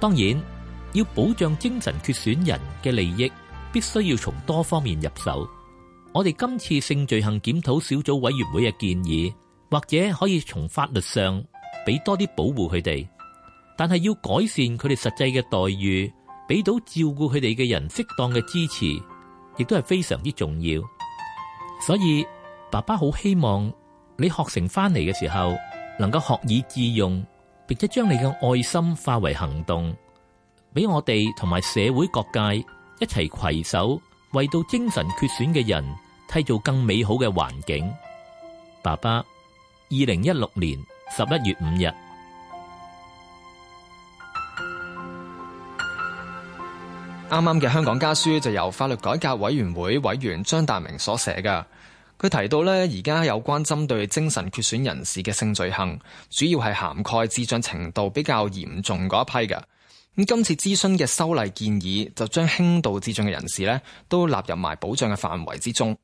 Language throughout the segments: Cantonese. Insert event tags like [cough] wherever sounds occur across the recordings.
當然，要保障精神缺損人嘅利益，必須要從多方面入手。我哋今次性罪行檢討小組委員會嘅建議，或者可以從法律上俾多啲保護佢哋。但係要改善佢哋實際嘅待遇，俾到照顧佢哋嘅人適當嘅支持，亦都係非常之重要。所以，爸爸好希望你學成翻嚟嘅時候，能夠學以致用。並且將你嘅愛心化為行動，俾我哋同埋社會各界一齊携手，為到精神缺損嘅人，締造更美好嘅環境。爸爸，二零一六年十一月五日，啱啱嘅香港家書就由法律改革委員會委員張達明所寫噶。佢提到咧，而家有關針對精神缺損人士嘅性罪行，主要係涵蓋智障程度比較嚴重嗰一批嘅。咁今次諮詢嘅修例建議，就將輕度智障嘅人士咧都納入埋保障嘅範圍之中。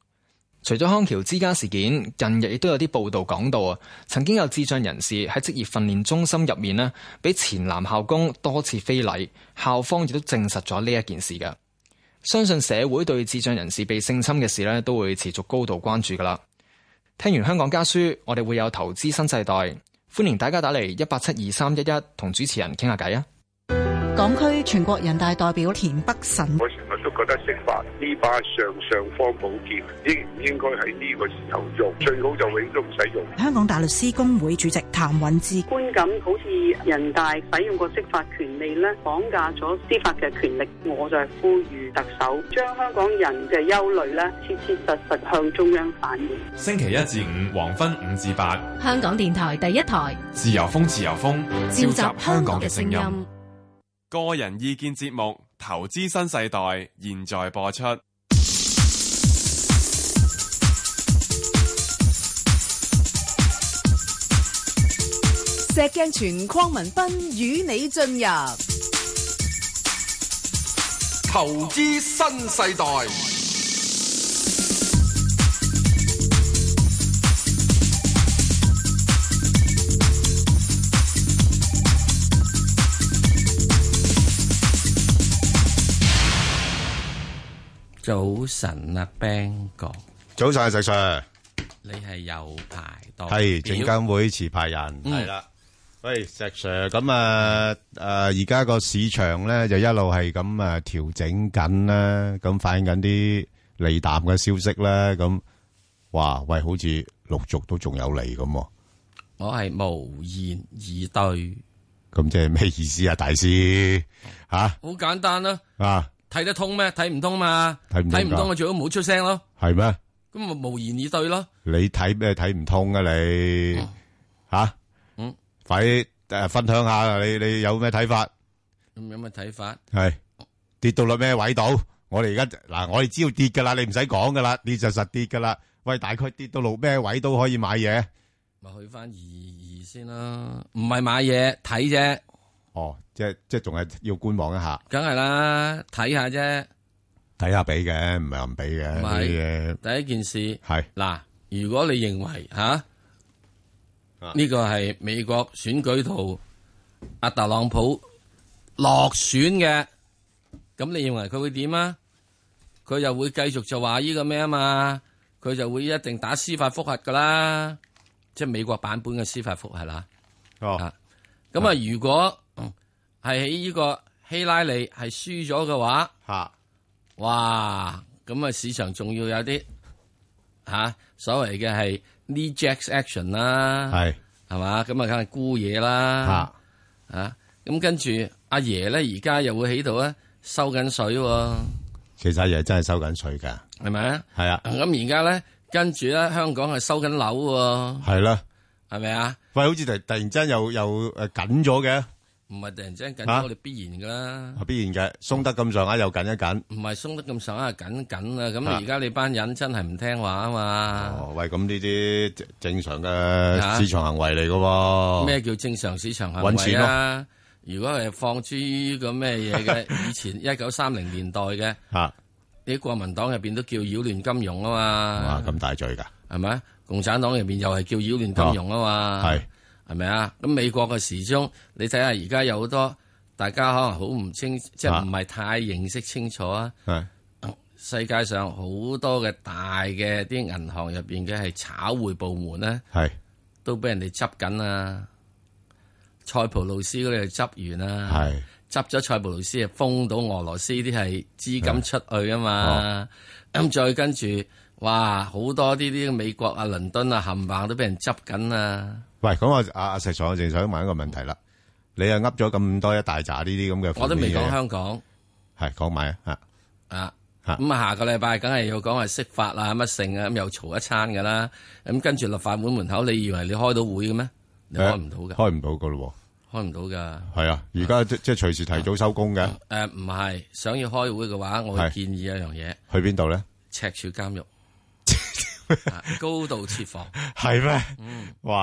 除咗康橋之家事件，近日亦都有啲報道講到啊，曾經有智障人士喺職業訓練中心入面呢，俾前男校工多次非禮，校方亦都證實咗呢一件事嘅。相信社會對智障人士被性侵嘅事呢都會持續高度關注㗎喇。聽完香港家書，我哋會有投資新世代，歡迎大家打嚟一八七二三一一，同主持人傾下偈啊！港區全國人大代表田北辰。覺得釋法呢把上上方寶劍應唔應該喺呢個時候用？最好就永都唔使用。香港大律師公會主席譚允芝，觀感好似人大使用過釋法權力咧，綁架咗司法嘅權力。我就係呼籲特首，將香港人嘅憂慮咧，切切實實向中央反映。星期一至五黃昏五至八，香港電台第一台，自由風自由風，由風召集香港嘅聲音，個人意見節目。投資新世代，現在播出。石鏡泉、鄺民彬與你進入投資新世代。早晨啊 Ben 哥。早晨啊，石 Sir。你係有排多？係證監會持牌人。係啦、嗯。喂，石 Sir，咁啊，誒、啊，而家個市場咧就一路係咁啊調整緊啦，咁反映緊啲利淡嘅消息咧，咁哇喂，好似陸續都仲有嚟咁。啊、我係無言以對。咁即係咩意思啊，大師？吓、啊，好簡單啦。啊。啊睇得通咩？睇唔通嘛？睇唔通，我最好唔好出聲咯。係咩？咁咪無言以對咯。你睇咩睇唔通啊？你吓？嗯，快啲誒，分享下你你有咩睇法？咁有咩睇法？係跌到落咩位度？我哋而家嗱，我哋知道跌噶啦，你唔使講噶啦，跌就實跌噶啦。喂，大概跌到落咩位都可以買嘢？咪去返二二先啦。唔係買嘢睇啫。哦，即係即係，仲係要觀望一下。梗係啦，睇下啫，睇下俾嘅，唔係唔俾嘅啲嘢。第一件事係嗱，是如果你認為吓呢個係美國選舉圖，阿特朗普落選嘅，咁你認為佢會點啊？佢就會繼續就話依個咩啊嘛？佢就會一定打司法複核噶啦，即係美國版本嘅司法複核啦。哦，咁啊，啊啊如果、啊係喺呢個希拉里係輸咗嘅話，吓、啊，哇，咁啊市場仲要有啲吓、啊、所謂嘅係 knee jerk action、啊、是啦，係係嘛，咁啊梗係沽嘢啦，吓啊，咁跟住阿爺咧，而家又會喺度咧收緊水、啊，其實阿爺真係收緊水噶，係咪吧啊？係啊，咁而家咧跟住咧，香港係收緊樓，係啦，係咪啊？啊吧喂，好似突突然間又又誒緊咗嘅。唔係突然之間緊，我哋必然噶啦，係必然嘅。鬆得咁上下又緊一緊，唔係鬆得咁上下，係緊緊啦。咁你而家你班人真係唔聽話啊嘛？哦，喂，咁呢啲正常嘅市場行為嚟噶。咩叫正常市場行為？揾錢咯。如果係放諸於個咩嘢嘅，以前一九三零年代嘅，吓啲國民黨入邊都叫擾亂金融啊嘛。哇，咁大罪噶，係咪啊？共產黨入邊又係叫擾亂金融啊嘛。係。係咪啊？咁美國嘅時鐘，你睇下而家有好多，大家可能好唔清，啊、即係唔係太認識清楚啊。世界上好多嘅大嘅啲銀行入邊嘅係炒匯部門咧，是都俾人哋執緊啊。塞浦路斯嗰度執完啦，啊，執咗是塞浦路斯啊封到俄羅斯啲係資金出去啊嘛。咁、啊、再跟住。嗯哇！好多呢啲美國啊、倫敦啊、冚棒都俾人執緊啊。喂，係咁，阿、啊、阿石爽，我淨想問一個問題啦。你又噏咗咁多一大扎呢啲咁嘅，我都未講香港係講埋啊啊啊咁啊，啊、嗯。下個禮拜梗係要講係釋法啦，乜剩啊咁又嘈一餐噶啦。咁、嗯、跟住立法會門、門口，你以為你開到會嘅咩？你開唔到嘅，開唔到噶咯喎，開唔到噶係啊。而家即即隨時提早收工嘅誒，唔係、啊啊呃、想要開會嘅話，我會建議一樣嘢去邊度咧？赤柱監獄。高度設防係咩？嗯，喂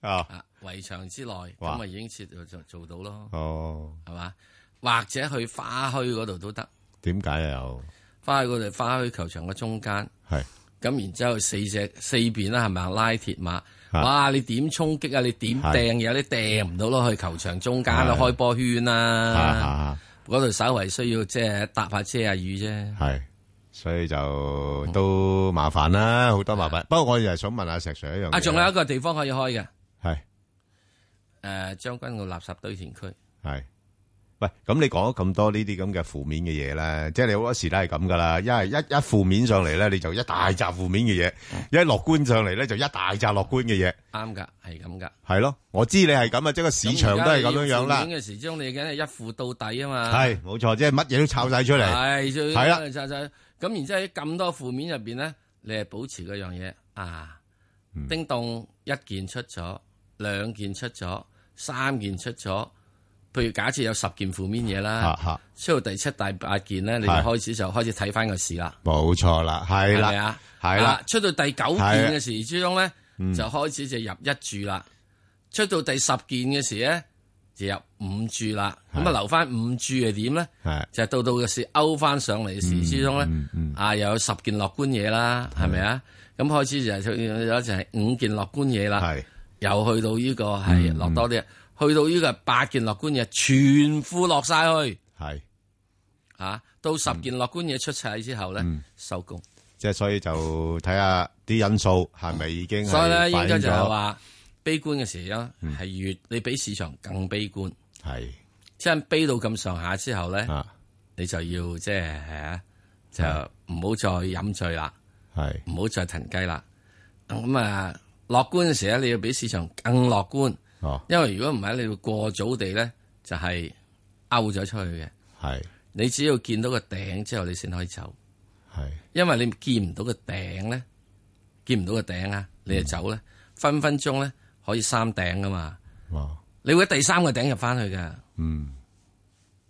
啊，圍牆之內咁咪已經設就做到咯。哦，係嘛？或者去花墟嗰度都得？點解又花墟嗰度？花墟球場嘅中間係咁，然之後四隻四邊啦，係咪拉鐵馬？哇，你點衝擊啊？你點掟？有啲掟唔到咯，去球場中間咧開波圈啊！嗰度稍為需要即係搭下遮啊雨啫。係。所以就都麻煩啦，好多麻煩。不過我又想問下石 Sir 一樣嘅。啊，仲有一個地方可以開嘅。係，誒，將軍澳垃圾堆填區。係，喂，咁你講咗咁多呢啲咁嘅負面嘅嘢咧，即係你好多時都係咁噶啦，一係一一負面上嚟咧，你就一大紮負面嘅嘢，一樂觀上嚟咧，就一大紮樂觀嘅嘢。啱噶，係咁噶。係咯，我知你係咁啊，即係個市場都係咁樣樣啦。影嘅時將你梗係一負到底啊嘛。係，冇錯，即係乜嘢都炒晒出嚟。係，係啦，炒晒。咁然之後喺咁多負面入面咧，你係保持嗰樣嘢啊。叮咚，一件出咗，兩件出咗，三件出咗。譬如假設有十件負面嘢啦，嗯、出到第七、第八件咧，是你就開始就開始睇翻個市錯啦。冇錯啦，係、啊、啦，係啦，出到第九件嘅時之中咧，啦就開始就入一注啦。嗯、出到第十件嘅時咧，就入五注啦，咁啊留翻五注係點咧？就到到嘅時勾翻上嚟嘅時之中咧，啊又有十件樂觀嘢啦，係咪啊？咁開始就出現咗就係五件樂觀嘢啦，又去到呢個係落多啲，去到呢個八件樂觀嘢全副落晒去，係啊，到十件樂觀嘢出晒之後咧收工。即係所以就睇下啲因素係咪已經所以依家係反咗。悲觀嘅時候咧，係越你比市場更悲觀，係即係悲到咁上下之後咧，你就要即係吓就唔好再飲醉啦，係唔好再騰雞啦。咁啊，樂觀嘅時候咧，你要比市場更樂觀，哦，因為如果唔係你過早地咧，就係勾咗出去嘅，係你只要見到個頂之後，你先可以走，係因為你見唔到個頂咧，見唔到個頂啊，你就走咧，分分鐘咧。可以三頂噶嘛？哇！你會第三個頂入翻去嘅？嗯，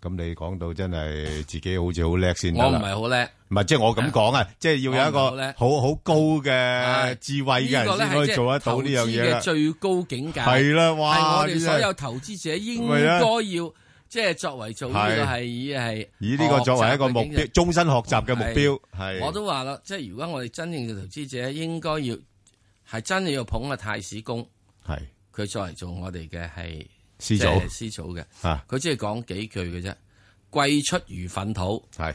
咁你講到真係自己好似好叻先啦。我唔係好叻，唔係即係我咁講啊，即係要有一個好好高嘅智慧嘅人先可以做得到呢樣嘢啦。最高境界係啦，話，我哋所有投資者應該要即係作為做呢個係以係以呢個作為一個目標，終身學習嘅目標係。我都話啦，即係如果我哋真正嘅投資者應該要係真係要捧個太史公。係佢做嚟做我哋嘅係師祖，師祖嘅，佢只係講幾句嘅啫。貴出如糞土，係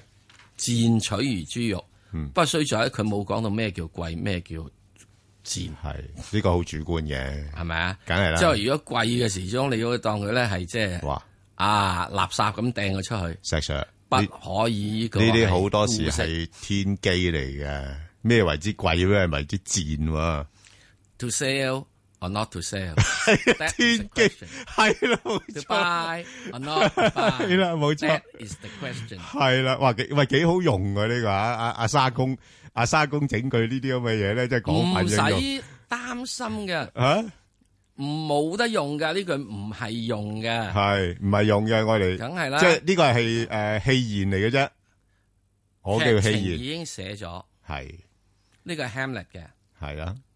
賤取如豬肉，不需在佢冇講到咩叫貴，咩叫賤。係呢個好主觀嘅，係咪啊？梗係啦。即係如果貴嘅時，中你要當佢咧係即係啊垃圾咁掟佢出去。石 Sir 不可以呢啲好多時係天機嚟嘅，咩為之貴咩為之賤？To sell。not to sell，天機係啦，冇 buy，係啦，冇借，係啦，話幾話幾好用噶呢個啊啊阿沙公阿沙公整句呢啲咁嘅嘢咧，即係講唔使擔心嘅吓，唔冇得用噶呢句唔係用嘅，係唔係用嘅，我哋梗係啦，即係呢個係誒戲言嚟嘅啫，我叫戲言已經寫咗，係呢個係 Hamlet 嘅，係啦。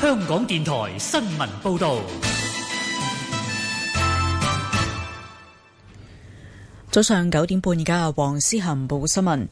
香港電台新聞報道，早上九點半，而家黃思恒報新聞。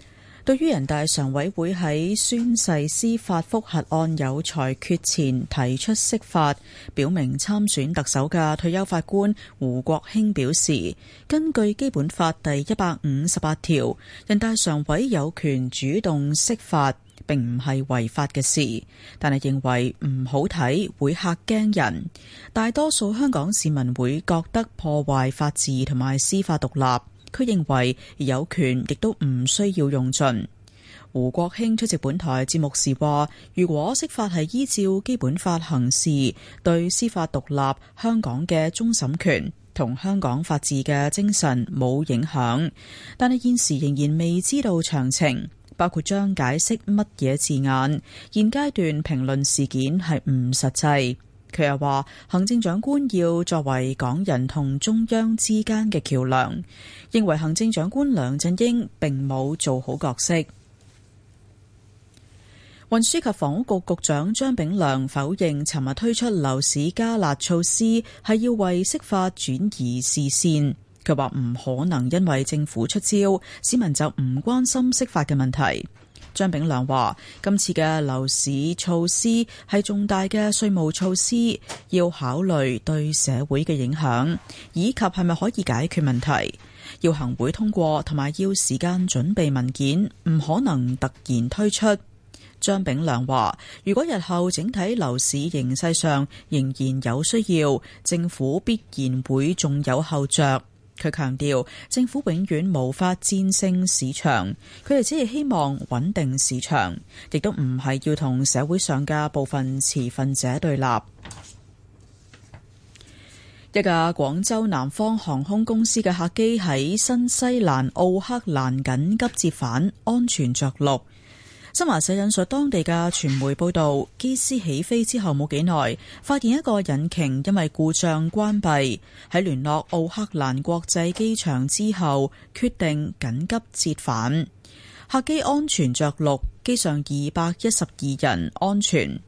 對於人大常委會喺宣誓司法複核案有裁決前提出釋法，表明參選特首嘅退休法官胡國興表示，根據基本法第一百五十八條，人大常委有權主動釋法。並唔係違法嘅事，但係認為唔好睇，會吓驚人。大多數香港市民會覺得破壞法治同埋司法獨立，佢認為有權亦都唔需要用盡。胡國興出席本台節目時話，如果釋法係依照基本法行事，對司法獨立、香港嘅終審權同香港法治嘅精神冇影響，但係現時仍然未知道詳情。包括將解釋乜嘢字眼，現階段評論事件係唔實際。佢又話，行政長官要作為港人同中央之間嘅橋梁，認為行政長官梁振英並冇做好角色。運輸及房屋局局長張炳良否認尋日推出樓市加辣措施係要為釋法轉移視線。佢話唔可能因為政府出招，市民就唔關心釋法嘅問題。張炳良話：今次嘅樓市措施係重大嘅稅務措施，要考慮對社會嘅影響，以及係咪可以解決問題。要行會通過，同埋要時間準備文件，唔可能突然推出。張炳良話：如果日後整體樓市形勢上仍然有需要，政府必然會仲有後着。佢強調，政府永遠無法戰勝市場，佢哋只係希望穩定市場，亦都唔係要同社會上嘅部分持份者對立。一架廣州南方航空公司嘅客機喺新西蘭奧克蘭緊急折返，安全着陸。新華社引述當地嘅傳媒報道，機師起飛之後冇幾耐，發現一個引擎因為故障關閉，喺聯絡奧克蘭國際機場之後，決定緊急折返。客機安全着陸，機上二百一十二人安全。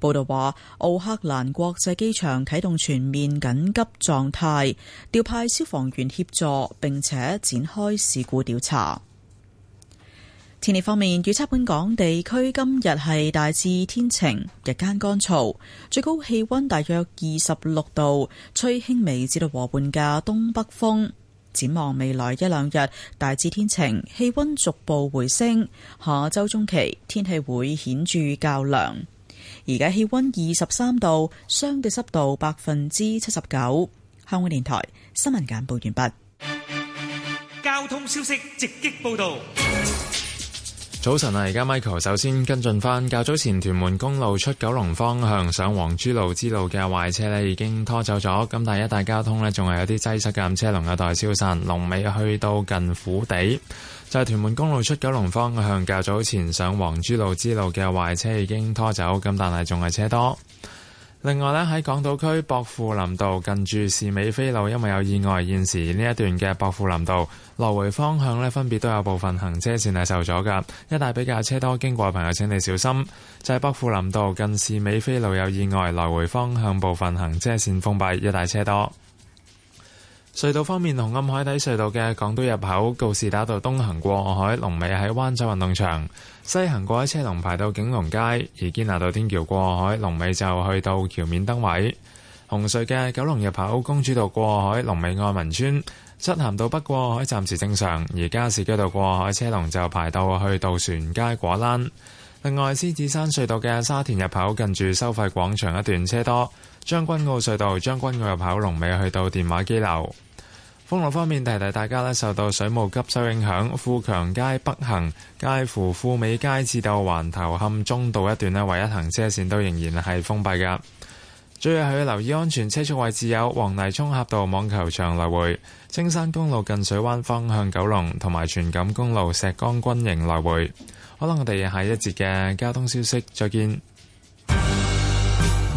報道話，奧克蘭國際機場啟動全面緊急狀態，調派消防員協助，並且展開事故調查。天氣方面，預測本港地區今日係大致天晴，日間乾燥，最高氣溫大約二十六度，吹輕微至到和緩嘅東北風。展望未來一兩日，大致天晴，氣溫逐步回升。下周中期天氣會顯著較涼，而家氣溫二十三度，相對濕度百分之七十九。香港電台新聞簡報完畢。交通消息直擊報道。早晨啊，而家 Michael 首先跟進翻，較早前屯門公路出九龍方向上黃珠路支路嘅壞車咧已經拖走咗，咁但係一帶交通咧仲係有啲擠塞嘅，車龍有待消散，龍尾去到近虎地。就係、是、屯門公路出九龍方向，較早前上黃珠路支路嘅壞車已經拖走，咁但係仲係車多。另外呢，喺港島區薄扶林道近住士美菲路，因為有意外，現時呢一段嘅薄扶林道來回方向呢，分別都有部分行車線係受阻㗎。一帶比較車多，經過嘅朋友請你小心。就係薄扶林道近士美菲路有意外，來回方向部分行車線封閉，一帶車多。隧道方面，紅磡海底隧道嘅港島入口告士打道東行過海，龍尾喺灣仔運動場。西行過海車龍排到景隆街，而堅拿道天橋過海龍尾就去到橋面燈位。紅隧嘅九龍入口公主道過海龍尾愛民村，漆咸道北過海暫時正常，而加士居道過海車龍就排到去渡船街果欄。另外，獅子山隧道嘅沙田入口近住收費廣場一段車多，將軍澳隧道將軍澳入口龍尾去到電話機樓。公路方面，提提大,大家受到水務急修影響，富強街北行、介乎富美街至到環頭磡中道一段唯一行車線都仍然係封閉噶。最後要留意安全車速位置有黃泥涌峽道網球場來回、青山公路近水灣方向九龍同埋荃錦公路石崗軍營來回。好啦，我哋下一節嘅交通消息，再見。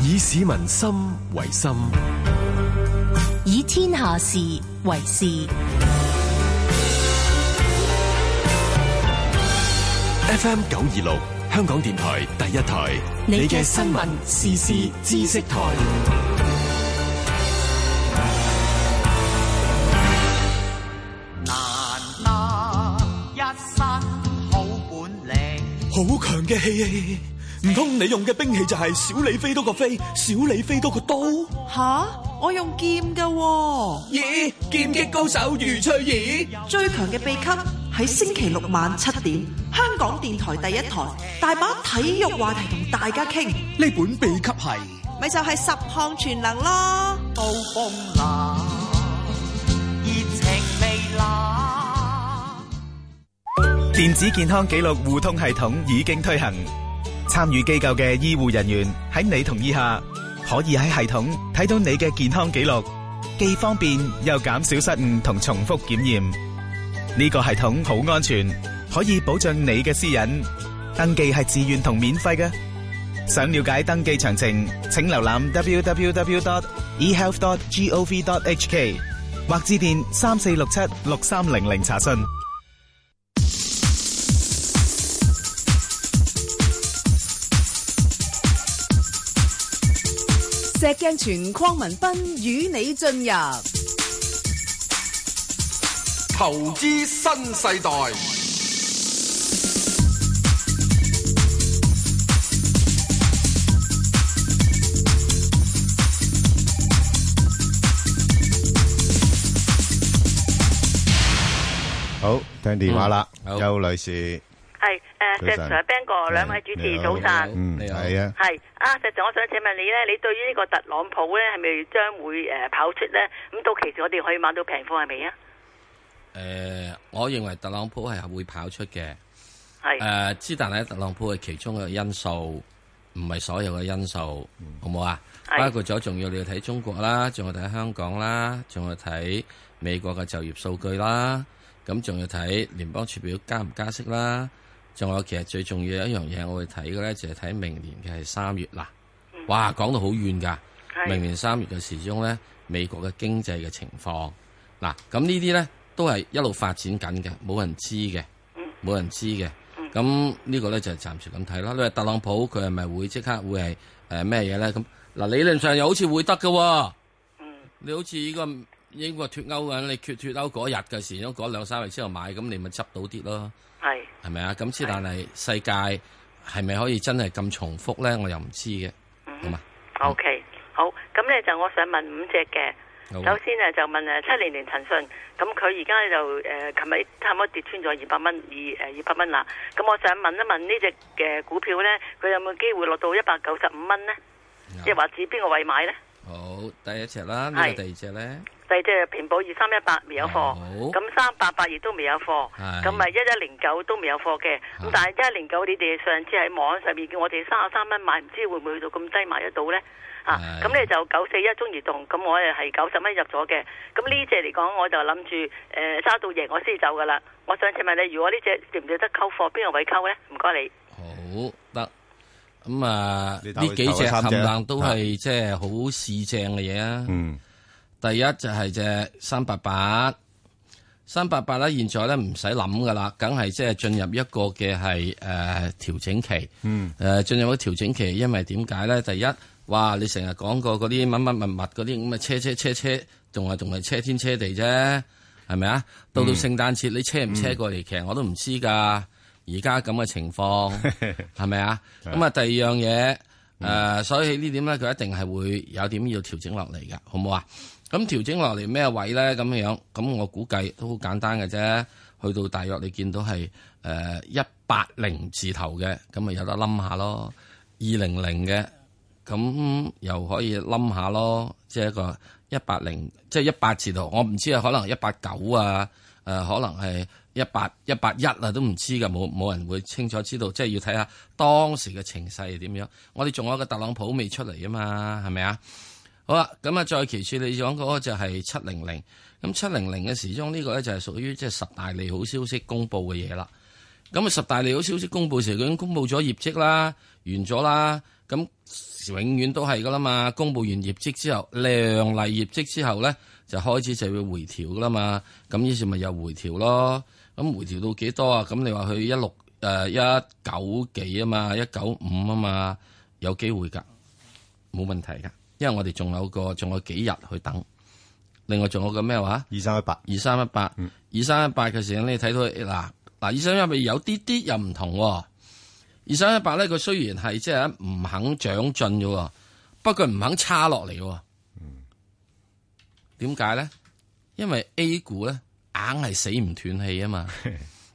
以市民心為心。天下事為事。FM 九二六，香港電台第一台，你嘅新聞時事知識台。難得一身好本領，好強嘅氣氣，唔通你用嘅兵器就係小李飛刀個飛，小李飛刀個刀？吓！我用劍㗎，咦！劍擊高手余翠兒，最強嘅秘笈喺星期六晚七點，香港電台第一台大把體育話題同大家傾。呢本秘笈係咪就係十項全能咯？熱情未冷，電子健康記錄互通系統已經推行，參與機構嘅醫護人員喺你同意下，可以喺系統睇到你嘅健康記錄，既方便又減少失誤同重複檢驗。呢個系統好安全，可以保障你嘅私隱。登記係自願同免費嘅。想了解登記詳情，請瀏覽 www.ehealth.gov.hk 或致電三四六七六三零零查詢。石鏡泉鄺民彬，與你進入投資新世代，好，聽電話啦，邱、嗯、女士。係誒，石 Sir、Ben 哥，兩位主持早晨。你好，是啊，係啊。石 Sir，我想請問你咧，你對於呢個特朗普咧係咪將會誒跑出咧？咁到其實我哋可以買到平貨係咪啊？誒、呃，我認為特朗普係會跑出嘅。係誒是，之、呃、但係特朗普係其中嘅因素，唔係所有嘅因素，好唔好啊？是包括咗仲要你睇中國啦，仲要睇香港啦，仲要睇美國嘅就業數據啦，咁仲要睇聯邦儲備加唔加息啦。仲有，其實最重要嘅一樣嘢，我會睇嘅咧就係睇明年嘅係三月啦。哇，講到好遠噶，的明年三月嘅時鐘咧，美國嘅經濟嘅情況，嗱，咁呢啲咧都係一路發展緊嘅，冇人知嘅，冇人知嘅。咁呢個咧就係、暫時咁睇啦。你話特朗普佢係咪會即刻會係誒咩嘢咧？咁、呃、嗱理論上又好似會得嘅。你好似呢個英國脱歐啊，你脫脫歐嗰日嘅時鐘，嗰兩三日之後買，咁你咪執到啲咯。係，係咪啊？咁之但係世界係咪可以真係咁重複咧？我又唔知嘅。嗯、哼好嘛？O K，好。咁咧就我想問五隻嘅。好首先咧就問誒七零零騰訊。咁佢而家就誒琴、呃、日差唔多跌穿咗二百蚊，二誒二百蚊啦。咁我想問一問呢隻嘅股票咧，佢有冇機會落到一百九十五蚊咧？即係話指邊個位買咧？好，第一隻啦，係、這個、第二隻咧。即係平保二三一八未有貨，咁三八八亦都未有貨，咁咪一一零九都未有貨嘅。咁是但係一一零九你哋上次喺網上面叫我哋三十三蚊買，唔知會唔會去到咁低買得到咧？是啊，咁你就九四一中移動，咁我誒係九十蚊入咗嘅。咁呢隻嚟講，我就諗住誒揸到贏我先走噶啦。我上次問你，如果呢隻值唔值得溝貨，邊個位溝咧？唔該你。好得咁啊！呢幾隻冚冷都係即係好市正嘅嘢啊！嗯。第一就係隻三八八，三八八咧，現在咧唔使諗噶啦，梗係即係進入一個嘅係誒調整期。嗯，誒進、呃、入嗰個調整期，因為點解咧？第一，哇，你成日講過嗰啲乜乜物物嗰啲咁嘅車車車車，仲係仲係車天車地啫，係咪啊？到到聖誕節你車唔車過嚟，嗯、其實我都唔知噶。而家咁嘅情況係咪啊？咁啊，第二樣嘢誒、嗯呃，所以呢點咧，佢一定係會有點要調整落嚟噶，好唔好啊？咁調整落嚟咩位咧？咁嘅樣，咁我估計都好簡單嘅啫。去到大約你見到係誒一百零字頭嘅，咁咪有得冧下咯。二零零嘅，咁又可以冧下咯。即係一個一百零，即係一百字頭。我唔知啊，可能一百九啊，誒、呃，可能係一百一百一啊，都唔知㗎。冇冇人會清楚知道，即係要睇下當時嘅情勢係點樣。我哋仲有一個特朗普未出嚟啊嘛，係咪啊？好啦，咁啊，再其次，你講嗰個就係七零零，咁七零零嘅時鐘呢個咧就係屬於即係十大利好消息公布嘅嘢啦。咁啊，十大利好消息公布時，佢已經公布咗業績啦，完咗啦。咁永遠都係噶啦嘛，公布完業績之後，亮麗業績之後咧就開始就要回調噶啦嘛。咁於是咪又回調咯。咁回調到幾多啊？咁你話去一六誒、呃、一九幾啊？嘛一九五啊？嘛有機會噶，冇問題噶。因為我哋仲有個仲有幾日去等，另外仲有個咩話、嗯？二三一八，二三一八，二三一八嘅時候，你睇到嗱嗱二三一八有啲啲又唔同。二三一八咧，佢雖然係即係唔肯長進嘅，不過佢唔肯差落嚟喎。嗯，點解咧？因為 A 股咧硬係死唔斷氣啊嘛，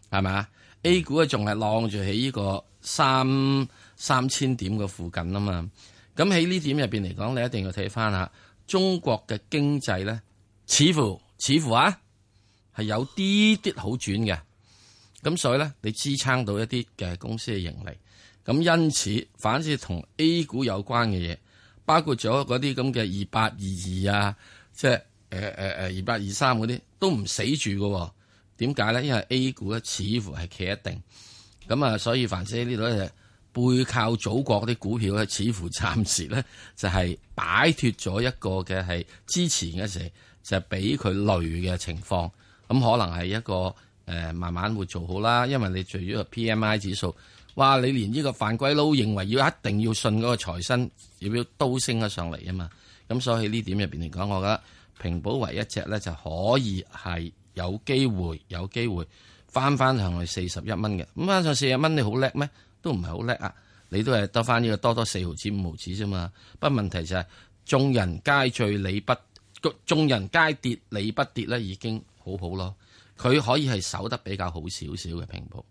係咪啊 A 股啊仲係晾住喺呢個三三千點嘅附近啊嘛。咁喺呢點入邊嚟講，你一定要睇返吓中國嘅經濟咧，似乎似乎啊係有啲啲好轉嘅。咁所以咧，你支撐到一啲嘅公司嘅盈利。咁因此，反正同 A 股有關嘅嘢，包括咗嗰啲咁嘅二八二二啊，即係誒誒誒二八二三嗰啲，都唔死住喎、哦。點解咧？因為 A 股咧似乎係企一定。咁啊，所以凡係呢度咧。背靠祖國啲股票咧，似乎暫時咧就係、是、擺脱咗一個嘅係之前嘅事，就係俾佢累嘅情況。咁、嗯、可能係一個、呃、慢慢會做好啦。因為你除咗個 P M I 指數，哇！你連呢個番鬼佬認為要一定要信嗰個財新，要唔要都升咗上嚟啊嘛？咁、嗯、所以呢點入面嚟講，我覺得平保唯一隻咧就可以係有機會，有機會翻翻上去四十一蚊嘅。咁翻上四十蚊，你好叻咩？都唔係好叻啊！你都係得翻呢個多多四毫紙五毫紙啫嘛。不過問題就係眾人皆醉你不，眾人皆跌你不跌咧，已經好好咯。佢可以係守得比較好少少嘅平保。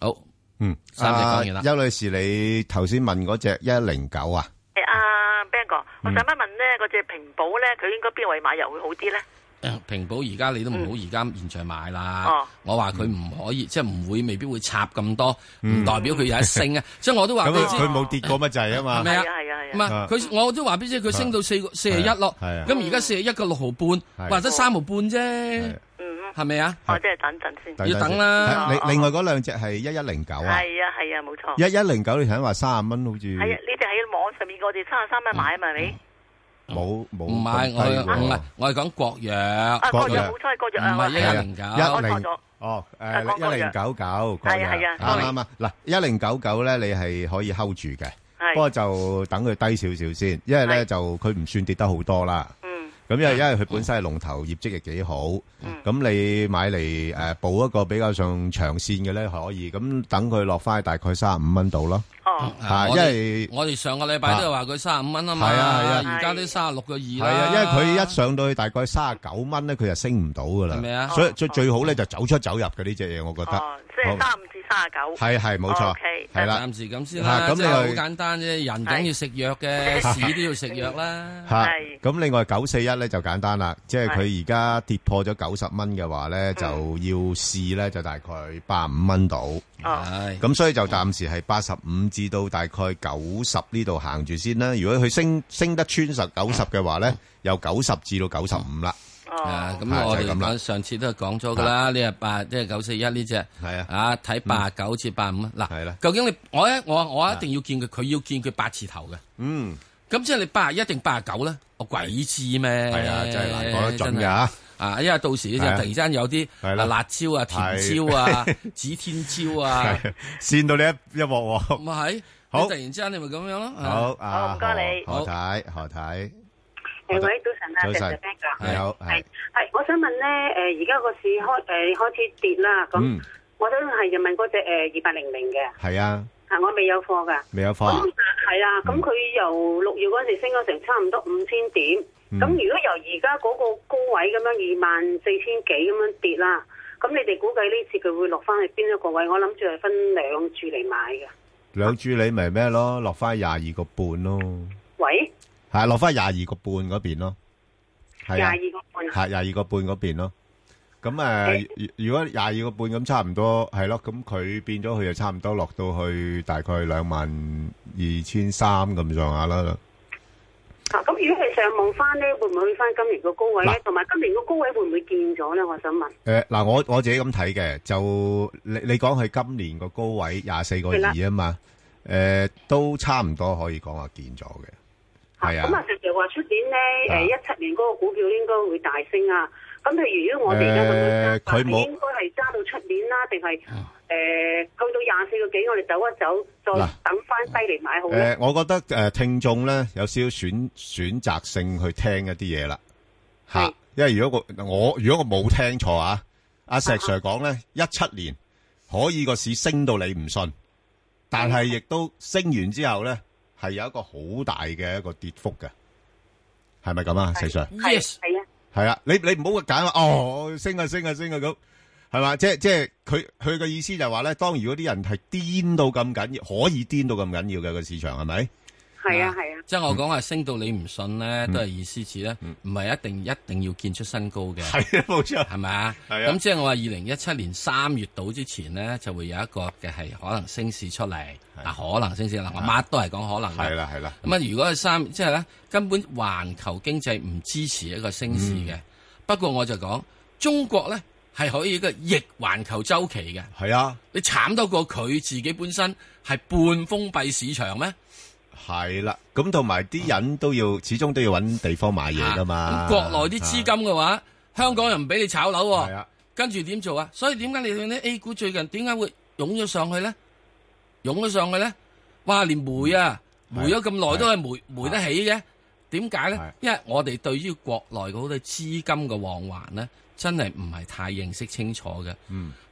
好，嗯，三隻講完啦。邱、啊、女士，你頭先問嗰隻一零九啊？係啊、uh,，Ben 哥，我想問一問咧，嗰隻平保咧，佢應該邊位買入會好啲咧？平保而家你都唔好而家現場買啦，我話佢唔可以，即係唔會，未必會插咁多，唔代表佢有一升啊。所以我都話佢，佢冇跌過乜就係啊嘛。係啊係啊係啊。唔係佢，我都話邊隻佢升到四四十一咯。咁而家四十一個六毫半，或者三毫半啫。嗯，係咪啊？我即係等陣先，要等啦。另外嗰兩隻係一一零九啊。係啊係啊，冇錯。一一零九你睇話三十蚊好似。係啊，呢隻喺網上面，我哋三十三蚊買啊嘛，你。冇冇，唔係我唔係我係講國藥，國藥冇錯，國藥啊，唔係一零九，一零九，哦，誒一零九九，係啊，啱唔啱啊？嗱，一零九九咧，你係可以 hold 住嘅，不過就等佢低少少先，因為咧就佢唔算跌得好多啦。咁因為因為佢本身係龍頭，業績亦幾好，咁你、嗯、買嚟誒報一個比較上長線嘅咧可以，咁等佢落翻去大概三十五蚊度咯。哦，因為我哋上個禮拜都係話佢三十五蚊啊嘛，係啊係啊，而家都三十六個二啦。係啊，因為佢一上到去大概三十九蚊咧，佢就升唔到噶啦。咩所以最最好咧就走出走入嘅呢隻嘢，我覺得。即、啊好卅九，係係冇錯，係啦，暫時咁先啦。咁啊好簡單啫，人梗要食藥嘅，屎都要食藥啦。係，咁另外九四一咧就簡單啦，即係佢而家跌破咗九十蚊嘅話咧，就要試咧就大概八五蚊到。係，咁所以就暫時係八十五至到大概九十呢度行住先啦。如果佢升升得穿實九十嘅話咧，由九十至到九十五啦。啊，咁我哋講上次都係講咗噶啦，呢日八即係九四一呢隻，係啊，啊睇八九至八五啊，嗱，究竟你我咧我我一定要見佢，佢要見佢八字頭嘅，嗯，咁即係你八一定八九咧，我鬼知咩？係啊，真係難講得準㗎啊，因為到時咧，突然之間有啲啊辣椒啊、甜椒啊、指天椒啊，跣到你一一鑊喎。唔係，好突然之間你咪咁樣咯，好啊，唔該，你好睇。何太。係早晨啊，謝晨好，係係，我想問咧，誒、呃，而家個市開，誒、呃，開始跌啦，咁、嗯，我都係又問嗰隻誒二百零零嘅，係、呃、啊，啊，我未有貨噶，未有貨、啊，係啦，咁佢、啊嗯、由六月嗰時升咗成差唔多五千點，咁、嗯、如果由而家嗰個高位咁樣二萬四千幾咁樣跌啦，咁你哋估計呢次佢會落翻去邊一個位？我諗住係分兩注嚟買噶，兩注你咪咩咯，落翻廿二個半咯，喂。係落翻廿二個半嗰邊咯，係廿二個半，係廿二個半嗰邊咯。咁誒，呃、Okay. 如果廿二個半咁，差唔多係咯。咁佢變咗，佢就差唔多落到去大概兩萬二千三咁上下啦。啊，咁、嗯、如果佢上望翻咧，會唔會翻今年個高位咧？同埋那今年個高位會唔會見咗咧？我想問。誒、呃，嗱、呃，我我自己咁睇嘅，就你你講佢今年個高位廿四個二啊嘛。誒來、呃，都差唔多可以講話見咗嘅。咁啊，石 Sir 話出年咧，誒，一七年嗰個股票應該會大升啊！咁譬如如果我哋咧咁樣揸，係、呃、應該係揸到出年啦，定係誒去到廿四個幾，我哋走一走，再等翻低嚟買好誒、呃，我覺得誒，聽眾咧有少少選選擇性去聽一啲嘢啦，吓的，因為如果我我如果我冇聽錯啊，阿石 Sir 講咧，一七年可以個市升到你唔信，但係亦都升完之後咧。係有一個好大嘅一個跌幅嘅，係咪咁啊？石 Sir，係啊，係啊，係啊，係啊，你你唔好揀哦，升啊升啊升啊咁，係嘛？即即係佢佢嘅意思就係話咧，當如果啲人係癲到咁緊要，可以癲到咁緊要嘅個市場係咪？是係啊，係啊，即係我講話升到你唔信咧，都係意思字呢，唔係一定一定要見出新高嘅。係啊，冇錯，係咪啊？係啊。咁即係我話二零一七年三月度之前咧，就會有一個嘅係可能升市出嚟，嗱，可能升市嗱，我乜都係講可能。係啦，係啦。咁啊，如果係三即係咧，根本環球經濟唔支持一個升市嘅。不過我就講中國咧係可以個逆環球周期嘅。係啊，你慘多過佢自己本身係半封閉市場咩？係啦，咁同埋啲人都要始終都要揾地方買嘢噶嘛。國內啲資金嘅話，香港人唔俾你炒樓，跟住點做啊？所以點解你哋呢 A 股最近點解會湧咗上去咧？湧咗上去咧，哇！連煤啊，煤咗咁耐都係煤煤得起嘅，點解咧？因為我哋對於國內嘅好多資金嘅往環咧，真係唔係太認識清楚嘅。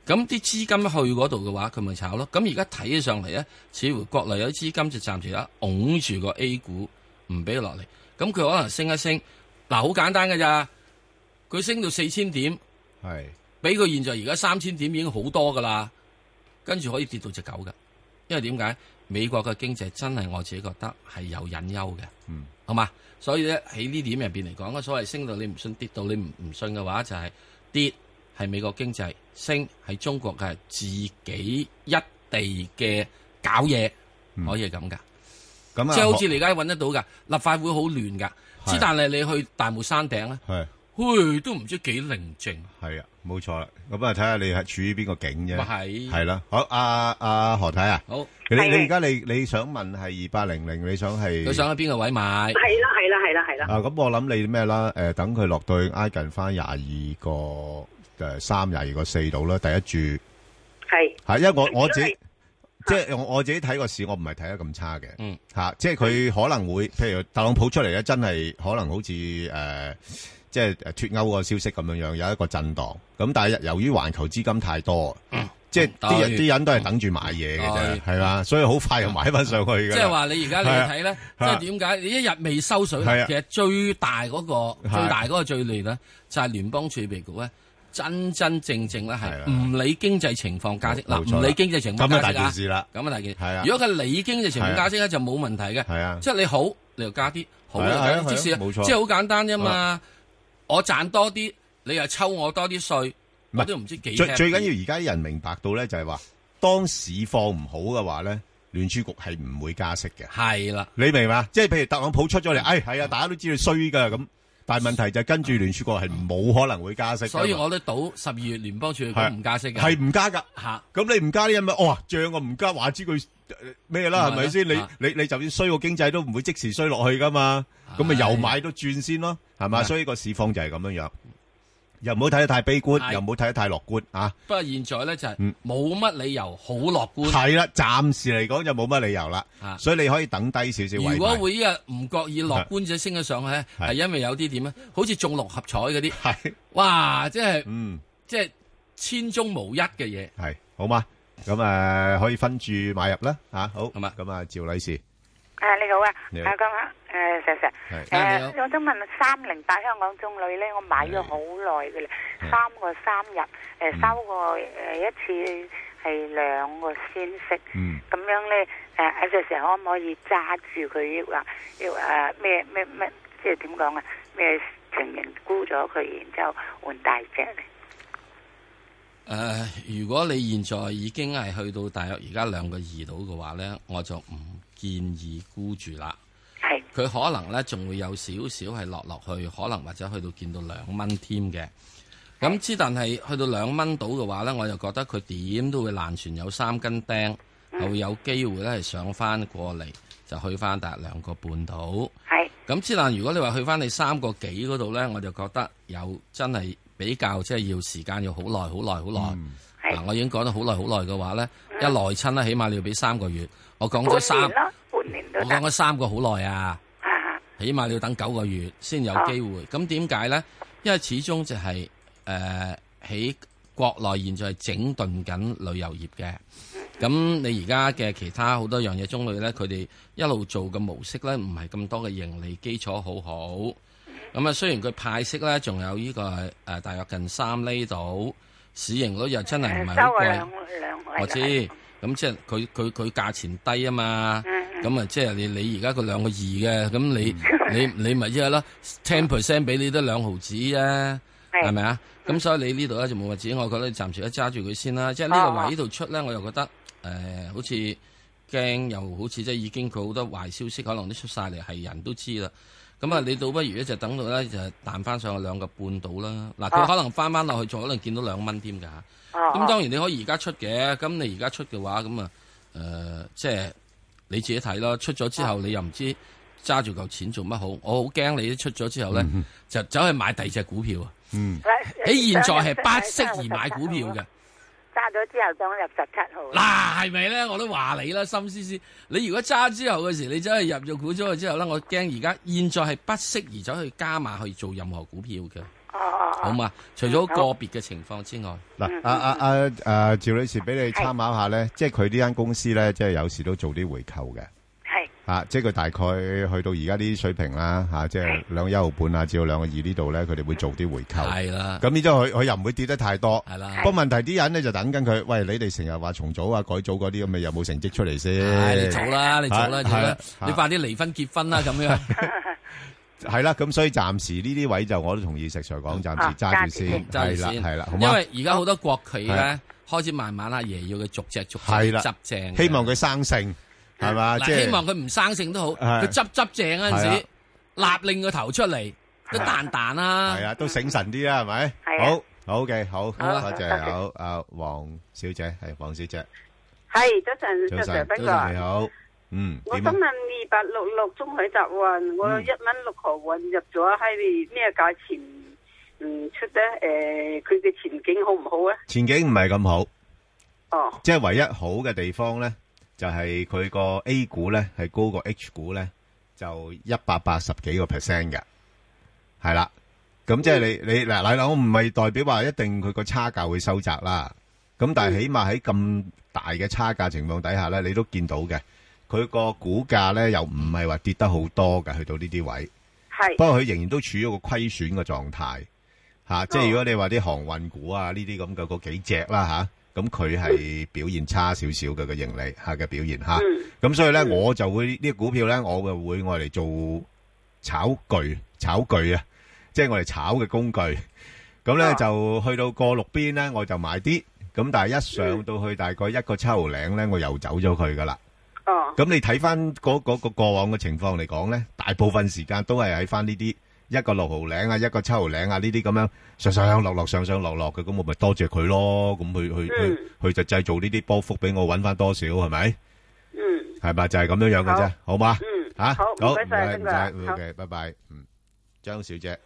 咁啲資金去嗰度嘅話，佢咪炒咯？咁而家睇起上嚟咧，似乎國內有啲資金就暫時咧拱住個 A 股，唔俾佢落嚟。咁佢可能升一升，嗱好簡單㗎咋？佢升到四千點，係是，比佢現在而家三千點已經好多噶啦。跟住可以跌到隻狗㗎！因為點解美國嘅經濟真係我自己覺得係有隱憂嘅，嗯，好嘛？所以咧喺呢點入邊嚟講，所謂升到你唔信，跌到你唔唔信嘅話，就係跌。係美國經濟升，係中國嘅自己一地嘅搞嘢，可以係咁噶。即係好似你而家揾得到噶，立法會好亂噶。之但係你去大帽山頂咧，去都唔知幾寧靜。係啊，冇錯啦。咁啊，睇下你係處於邊個境啫？係。係啦，好，阿阿何太啊。好。你你而家你你想問係二八零零，你想係？佢想喺邊個位買？係啦，係啦，係啦，係啦。啊，咁我諗你咩啦？誒，等佢落到挨近翻廿二個就係三廿二個四度啦，第一注係係因為我我自己即係我我自己睇個市，我唔係睇得咁差嘅。嗯，嚇，即係佢可能會譬如特朗普出嚟咧，真係可能好似誒即係脫歐個消息咁樣樣有一個震盪。咁但係由於環球資金太多，即係啲人啲人都係等住買嘢嘅啫，係啦所以好快又買翻上去嘅。即係話你而家你睇咧，即係點解你一日未收水？其實最大嗰個最大嗰個最利咧，就係聯邦儲備局咧。真真正正咧係唔理經濟情況加息，嗱唔理經濟情況加息，咁大件事啦，咁啊大件事。如果佢理經濟情況加息咧就冇問題嘅，即係你好你就加啲，好即即係好簡單啫嘛。我賺多啲，你又抽我多啲稅，我都唔知幾多。最最緊要而家啲人明白到咧就係話，當市況唔好嘅話咧，聯儲局係唔會加息嘅。係啦，你明嘛？即係譬如特朗普出咗嚟，哎係啊，大家都知道衰噶咁。但係問題就係跟住聯儲局係冇可能會加息嘛，係係加，所以我都賭十二月聯邦儲佢唔加息嘅，係、哦、唔加㗎。咁你唔加呢？因為哦，賬我唔加，話之佢咩啦？係咪先？你你你，就算衰個經濟都唔會即時衰落去㗎嘛。咁咪又買到轉先咯，係嘛？所以個市況就係咁樣樣。又唔好睇得太悲觀，又唔好睇得太樂觀啊！不過現在咧就係冇乜理由好樂觀。係啦，暫時嚟講就冇乜理由啦。所以你可以等低少少。如果會依日唔覺意樂觀咗升咗上去咧，係因為有啲點咧？好似中六合彩嗰啲，哇！即係，即係千中無一嘅嘢，係好嘛？咁誒，可以分住買入啦，吓好，咁啊，咁啊，趙女士，誒，你好啊，係咁啊。誒，石 sir，誒，我想問，三零八香港中旅咧，我買咗好耐嘅啦，三個三日，誒，三個誒一次係兩個鮮色，咁樣咧，誒，石 sir 可唔可以揸住佢話要誒咩咩咩，即係點講啊？咩情形沽咗佢，然之後換大隻咧？誒，如果你現在已經係去到大約而家兩個二度嘅話咧，我就唔建議沽住啦。佢可能呢仲會有少少係落落去，可能或者去到見到兩蚊添嘅。咁之的但係去到兩蚊到嘅話呢，我就覺得佢點都會難存，有三根釘，又、嗯、會有機會呢係上翻過嚟，就去翻達兩個半到。咁之的但如果你話去翻你三個幾嗰度呢，我就覺得有真係比較，即、就、係、是、要時間要好耐好耐好耐。嗱、嗯啊，我已經講得好耐好耐嘅話呢，嗯、一來親呢，起碼你要俾三個月。我講咗三半年咯，半年都得。我講咗三個好耐啊！起碼你要等九個月先有機會，咁點解呢？因為始終就係誒喺國內現在整頓緊旅遊業嘅，咁、嗯、你而家嘅其他好多樣嘢中旅呢，佢哋一路做嘅模式呢，唔係咁多嘅盈利基礎好好。咁啊、嗯，雖然佢派息呢，仲有呢、呢個誒、呃、大約近三厘度，市盈率又真係唔係好貴。我知，咁即係佢佢佢價錢低啊嘛。嗯咁啊，即係你你而家個兩個二嘅，咁你 [laughs] 你你咪一下咯，ten percent 俾你得兩毫子啊，係咪啊？咁、嗯、所以你呢度咧就冇乜錢，我覺得你暫時一揸住佢先啦。即係呢個位呢度出咧，哦、我又覺得誒、呃、好似驚，又好似即係已經佢好多壞消息，可能都出晒嚟，係人都知啦。咁啊，你倒不如咧就等到咧就彈翻上去兩個半到啦。嗱，佢可能翻翻落去仲可能見到兩蚊添㗎。咁、啊哦、當然你可以而家出嘅，咁你而家出嘅話，咁啊、呃、即係。你自己睇囉。出咗之後你又唔知揸住嚿錢做乜好，我好驚你出咗之後咧就走去買第二隻股票啊！喺、嗯嗯、現在係不適宜買股票嘅。揸咗之後想入十七號。嗱，係咪咧？我都話你啦，心思思，你如果揸之後嘅時候，你走去入咗股之後咧，我驚而家現在係不適宜走去加碼去做任何股票嘅。啊啊！好嘛，除咗個別嘅情況之外，嗱，阿阿阿阿趙女士俾你參考下咧，即係佢呢間公司咧，即係有時都做啲回購嘅，係啊，即係佢大概去到而家啲水平啦，吓，即係兩個一毫半啊，至到兩個二呢度咧，佢哋會做啲回購，係啦。咁然之後佢佢又唔會跌得太多，係啦。不過問題啲人咧就等緊佢，喂，你哋成日話重組啊、改組嗰啲咁，咪有冇成績出嚟先，你做啦，你做啦，係啦，你快啲離婚結婚啦，咁樣。係啦，咁所以暫時呢啲位就我都同意石才講，暫時揸住先，係啦，係啦，因為而家好多國企咧開始慢慢啦，阿爺要佢逐隻逐隻執正，希望佢生性係嘛，即係希望佢唔生性都好，佢執執正嗰陣時立令個頭出嚟，都彈彈啦，係啊，都醒神啲啦，係咪？好，好嘅，好，多謝，好，阿黃小姐係黃小姐，係早晨，早晨，早晨，你好。嗯，我想問二八六六中海集運，我有一蚊六毫運入咗，係咩價錢唔出得？誒，佢嘅前景好唔好呀？前景唔係咁好，哦，即係唯一好嘅地方咧，就係佢個 A 股咧係高過 H 股咧，就一百八十幾個 percent 嘅，係啦。咁即係你你嗱嗱佬我唔係代表話一定佢個差價會收窄啦。咁但係起碼喺咁大嘅差價情況底下咧，你都見到嘅。佢個股價咧又唔係話跌得好多㗎，去到呢啲位。係，不過佢仍然都處於一個虧損嘅狀態嚇。即係如果你話啲航運股啊，呢啲咁嘅嗰幾隻啦嚇，咁佢係表現差少少嘅個盈利嚇嘅表現嚇。咁所以咧，我就會呢啲股票咧，我就會我嚟做炒具炒具啊，即係我哋炒嘅工具。咁咧就去到個六邊咧，我就買啲咁，但係一上到去大概一個七毫零咧，我又走咗佢噶啦。哦，咁你睇翻嗰嗰個過往嘅情況嚟講咧，大部分時間都係喺翻呢啲一個六號嶺啊，一個七號嶺啊，呢啲咁樣上上落落上上落落嘅，咁我咪多謝佢咯，咁去去去去就製造呢啲波幅俾我搵翻多少係咪？嗯，係咪，就係咁樣樣嘅啫，好嘛，吓，好唔該晒，唔該，O K，拜拜，嗯，張小姐，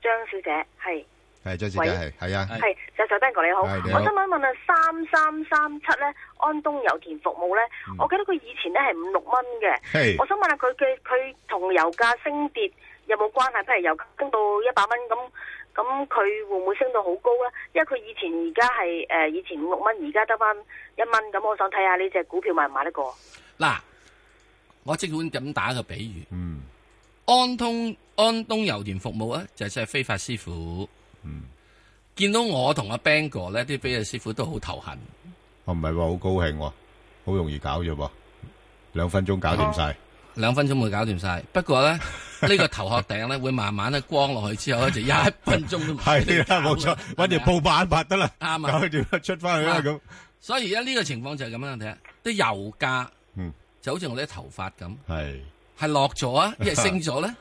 張小姐係。係張小姐，係 [music] 喂啊，係鄭秀你好。是你好，我想問一問啊，三三三七咧，安東油田服務咧，嗯、我記得佢以前咧係五六蚊嘅。嘿我想問下佢佢佢同油價升跌有冇關係？譬如油價升到一百蚊，咁咁佢會唔會升到好高咧？因為佢以前而家係誒，以前五六蚊，而家得返一蚊。咁我想睇下呢隻股票買唔買得過嗱？我即管咁打個比喻，嗯，安東安東油田服務啊，就係、是、非法師傅。嗯，見到我同阿 Bang 哥咧，啲飛髮師傅都好頭痕。我唔係話好高興，啊，好容易搞咗，兩分鐘搞掂晒。兩、啊、分鐘冇搞掂晒，不過咧呢 [laughs] 個頭殼頂咧會慢慢咧光落去之後咧，就一分鐘都係冇錯，搵條布板法得啦。啱啊，搞掂出翻去啦咁。啊、樣所以而家呢個情況就係咁樣睇，下，啲油價嗯就好似我啲頭髮咁係係落咗啊，一係升咗咧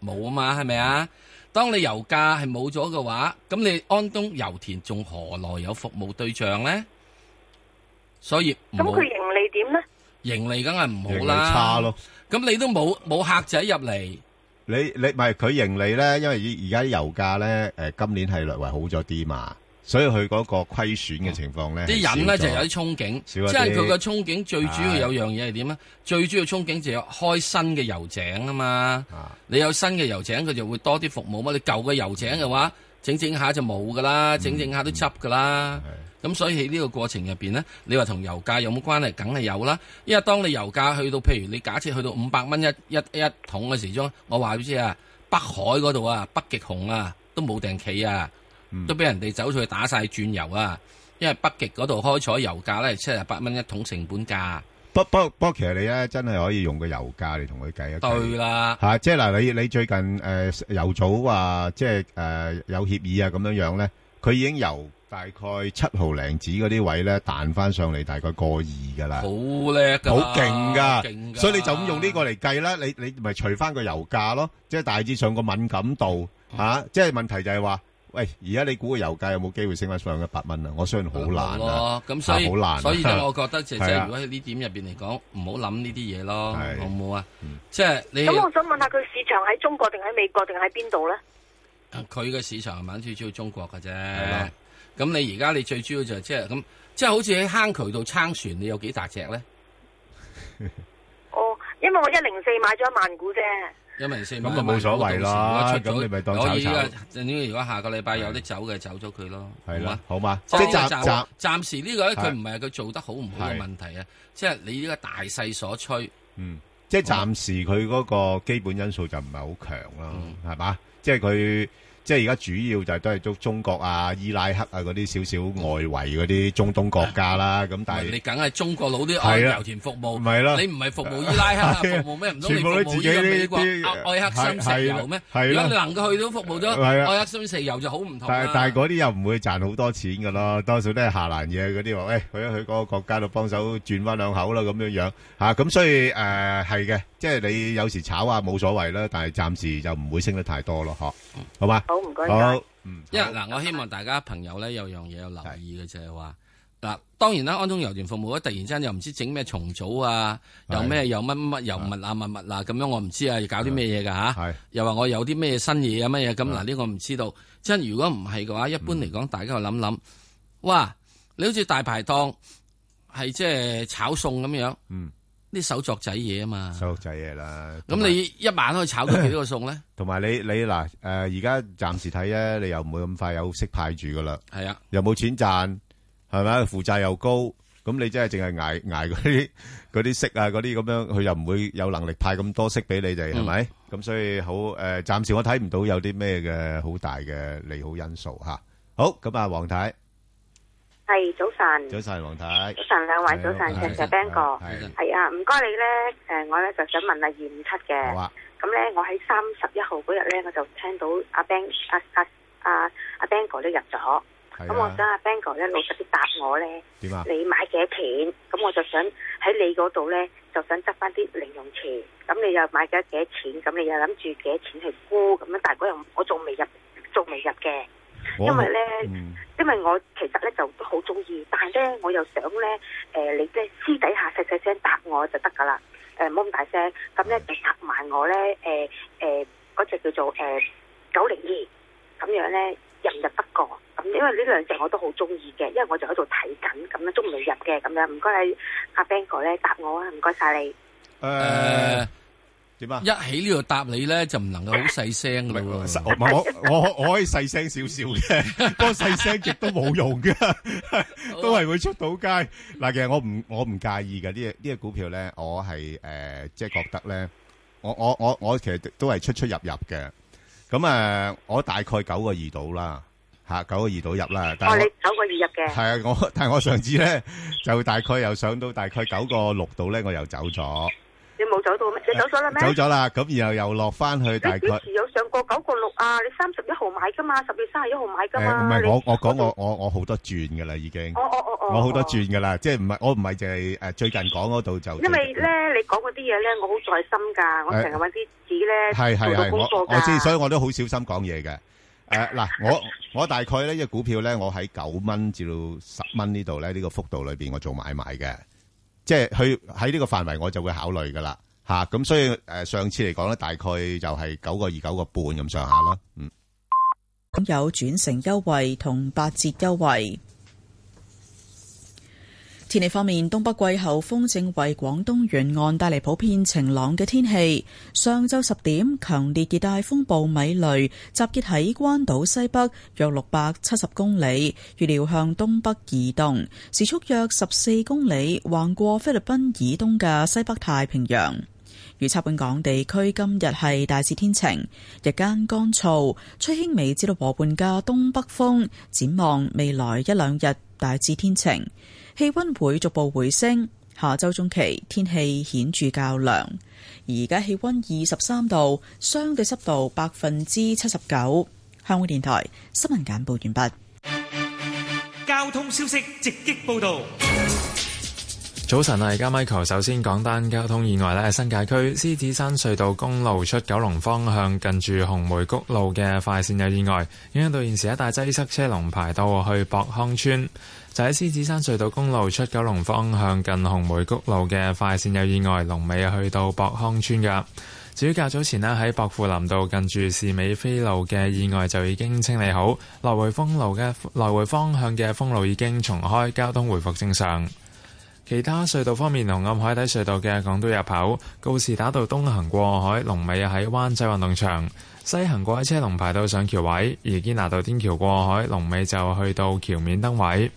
冇啊嘛，係咪啊？當你油價係冇咗嘅話，咁你安東油田仲何來有服務對象咧？所以咁佢盈利點咧？盈利梗係唔好啦，差咯。咁你都冇冇客仔入嚟？你你唔係佢盈利咧？因為而而家啲油價咧，誒，今年係略為好咗啲嘛。所以佢嗰個虧損嘅情況咧，啲人咧呢就有啲憧憬，少即係佢個憧憬最主要有樣嘢係點呢？啊、最主要憧憬就係開新嘅油井啊嘛！啊你有新嘅油井，佢就會多啲服務嘛。你舊嘅油井嘅話，整整下就冇噶啦，嗯、整整下都執噶啦。咁、嗯、所以喺呢個過程入面咧，你話同油價有冇關係？梗係有啦！因為當你油價去到，譬如你假設去到五百蚊一一一桶嘅時鐘，我話俾你知啊，北海嗰度啊，北極熊啊，都冇定企啊！都俾人哋走出去打晒轉油啊！因為北極嗰度開採油價咧，七十八蚊一桶成本價。不不不過，其實你咧真係可以用個油價嚟同佢計一計啦。吓，即係嗱，你你最近誒，油組啊即係誒有協議啊，咁樣樣咧，佢已經由大概七毫零子嗰啲位咧彈翻上嚟，大概個二噶啦，好叻，好勁噶，所以你就咁用呢個嚟計啦。你你咪除翻個油價咯，即係大致上個敏感度吓，即係問題就係話。喂，而家你估個油價有冇機會升翻上一百蚊啊？我相信好難咯，咁所以所以咧，以就我覺得即係如果喺呢點入邊嚟講，唔好諗呢啲嘢咯，的好唔好啊？嗯、即係你咁，咁我想問下佢市場喺中國定喺美國定喺邊度咧？佢嘅、嗯、市場係主要主要中國嘅啫。咁的你而家你最主要就即係咁，即係、就是、好似喺坑渠度撐船，你有幾大隻咧？ [laughs] 哦，因為我一零四買咗一萬股啫。一萬四萬蚊嗰度，如果出咗，咁你咪當炒炒。以、這個、如果下個禮拜有啲走嘅，走咗佢咯。係啦，好嘛。即暫暫暫暫時呢、這個咧，佢唔係佢做得好唔好嘅問題啊。的即係你呢個大勢所趨。嗯，即係暫時佢嗰個基本因素就唔係好強的啦，係嘛的？即係佢。即係而家主要就係都係中中國啊、伊拉克啊嗰啲少少外圍嗰啲中東國家啦。咁但係你梗係中國佬啲油田服務，唔係啦？你唔係服務伊拉克啊？服務咩？唔通你服務伊拉克阿埃克森石油咩？如果你能夠去到服務咗埃克森石油，就好唔同啦。但係但係嗰啲又唔會賺好多錢噶咯，多數都係下欄嘢嗰啲話。誒，去一去嗰個國家度幫手轉翻兩口啦，咁樣樣吓咁。所以誒係嘅，即係你有時炒下冇所謂啦，但係暫時就唔會升得太多咯，嗬。好吧好唔該，好，嗯，因為嗱，我希望大家朋友咧有樣嘢有留意嘅就係話，嗱，當然啦，安東油田服務咧突然之間又唔知整咩重組啊，又咩又乜乜又物啊物物啊，咁樣我唔知啊，要搞啲咩嘢噶吓，又話我有啲咩新嘢啊乜嘢，咁嗱呢個唔知道，即係如果唔係嘅話，一般嚟講大家諗諗，哇，你好似大排檔係即係炒餸咁樣，嗯。啲手作仔嘢啊嘛，手作仔嘢啦。咁你一晚可以炒到幾多個餸？咧？同埋你你嗱，誒而家暫時睇啊，你又唔會咁快有息派住噶啦。係啊，又冇錢賺，係咪啊？負債又高，咁你真係淨係挨挨嗰啲嗰啲息啊，嗰啲咁樣，佢又唔會有能力派咁多息俾你哋，係咪？咁所以好誒，暫時我睇唔到有啲咩嘅好大嘅利好因素吓。好，咁啊，黃太。係早晨，早晨王太，早晨兩位，的早晨謝謝 Ben 哥。係啊，唔該你咧，誒，我咧就想問下二五七嘅，咁咧的我喺三十一號嗰日咧我就聽到阿 Ben 阿阿阿阿 Ben 哥咧入咗，咁的我想阿 Ben 哥咧老實啲答我咧，點的你買幾多錢？咁我就想喺你嗰度咧，就想執翻啲零用錢，咁你又買咗幾多錢？咁你又諗住幾多錢去沽？咁樣但係嗰日我仲未入，仲未入嘅，很因為咧。嗯因為我其實咧就都好中意，但係咧我又想咧，誒、呃、你咧私底下細細聲答我就得噶啦，誒唔好咁大聲，咁咧、嗯、答埋我咧，誒誒嗰隻叫做誒九零二，咁、呃、樣咧入唔入得過？咁因為呢兩隻我都好中意嘅，因為我就喺度睇緊，咁樣都未入嘅，咁樣唔該你阿 Ben 哥咧答我啊，唔該晒你。誒、uh。點啊！一起呢度答你咧，就唔能夠好細聲噶啦。我我我可以細聲少少嘅，不過細聲極都冇用嘅，都係會出到街。嗱，其實我唔我唔介意嘅呢隻呢隻股票咧，我係誒，即係覺得咧，我我我我其實都係出出入入嘅。咁誒，我大概九個二到啦，吓九個二到入啦。哦，你九個二入嘅？係啊，我但係我上次咧就大概又上到大概九個六度咧，我又走咗。走到咩？你走咗啦咩？走咗啦，咁然後又落翻去。你幾時有上過九個六啊？你三十一號買噶嘛，十月三十一號買噶嘛。唔係我我講我我我好多轉噶啦，已經。我我我我好多轉噶啦，即係唔係我唔係淨係誒最近講嗰度就。因為咧，你講嗰啲嘢咧，我好在心㗎，我成日揾啲紙咧做做功課㗎。我我知，所以我都好小心講嘢嘅。誒嗱，我我大概咧，因為股票咧，我喺九蚊至到十蚊呢度咧，呢個幅度裏邊我做買賣嘅，即係去喺呢個範圍我就會考慮㗎啦。吓咁，嗯，所以誒，上次嚟講呢，大概就係九個二九個半咁上下啦。嗯，有轉乘優惠同八折優惠。天氣方面，東北季候風正為廣東沿岸帶嚟普遍晴朗嘅天氣。上晝十點，強烈熱帶風暴米雷集結喺關島西北約六百七十公里，預料向東北移動，時速約十四公里，橫過菲律賓以東嘅西北太平洋。預測本港地區今日係大致天晴，日間乾燥，吹輕微至到和半級東北風。展望未來一兩日大致天晴，氣溫會逐步回升。下周中期天氣顯著較涼。而家氣溫二十三度，相對濕度百分之七十九。香港電台新聞簡報完畢。交通消息直擊報道。早晨，而家 Michael。首先講單交通意外咧，新界區獅子山隧道公路出九龍方向近住紅梅谷路嘅快線有意外，影響到現時一帶擠塞車龍排到去博康村。就喺獅子山隧道公路出九龍方向近紅梅谷路嘅快線有意外，龍尾去到博康村噶。至於較早前呢，喺薄扶林道近住士美菲路嘅意外就已經清理好，來回封路嘅來回方向嘅封路已經重開，交通回復正常。其他隧道方面，紅磡海底隧道嘅港島入口告士打道東行過海，龍尾喺灣仔運動場；西行過海車龍排到上橋位，而堅拿道天橋過海，龍尾就去到橋面燈位。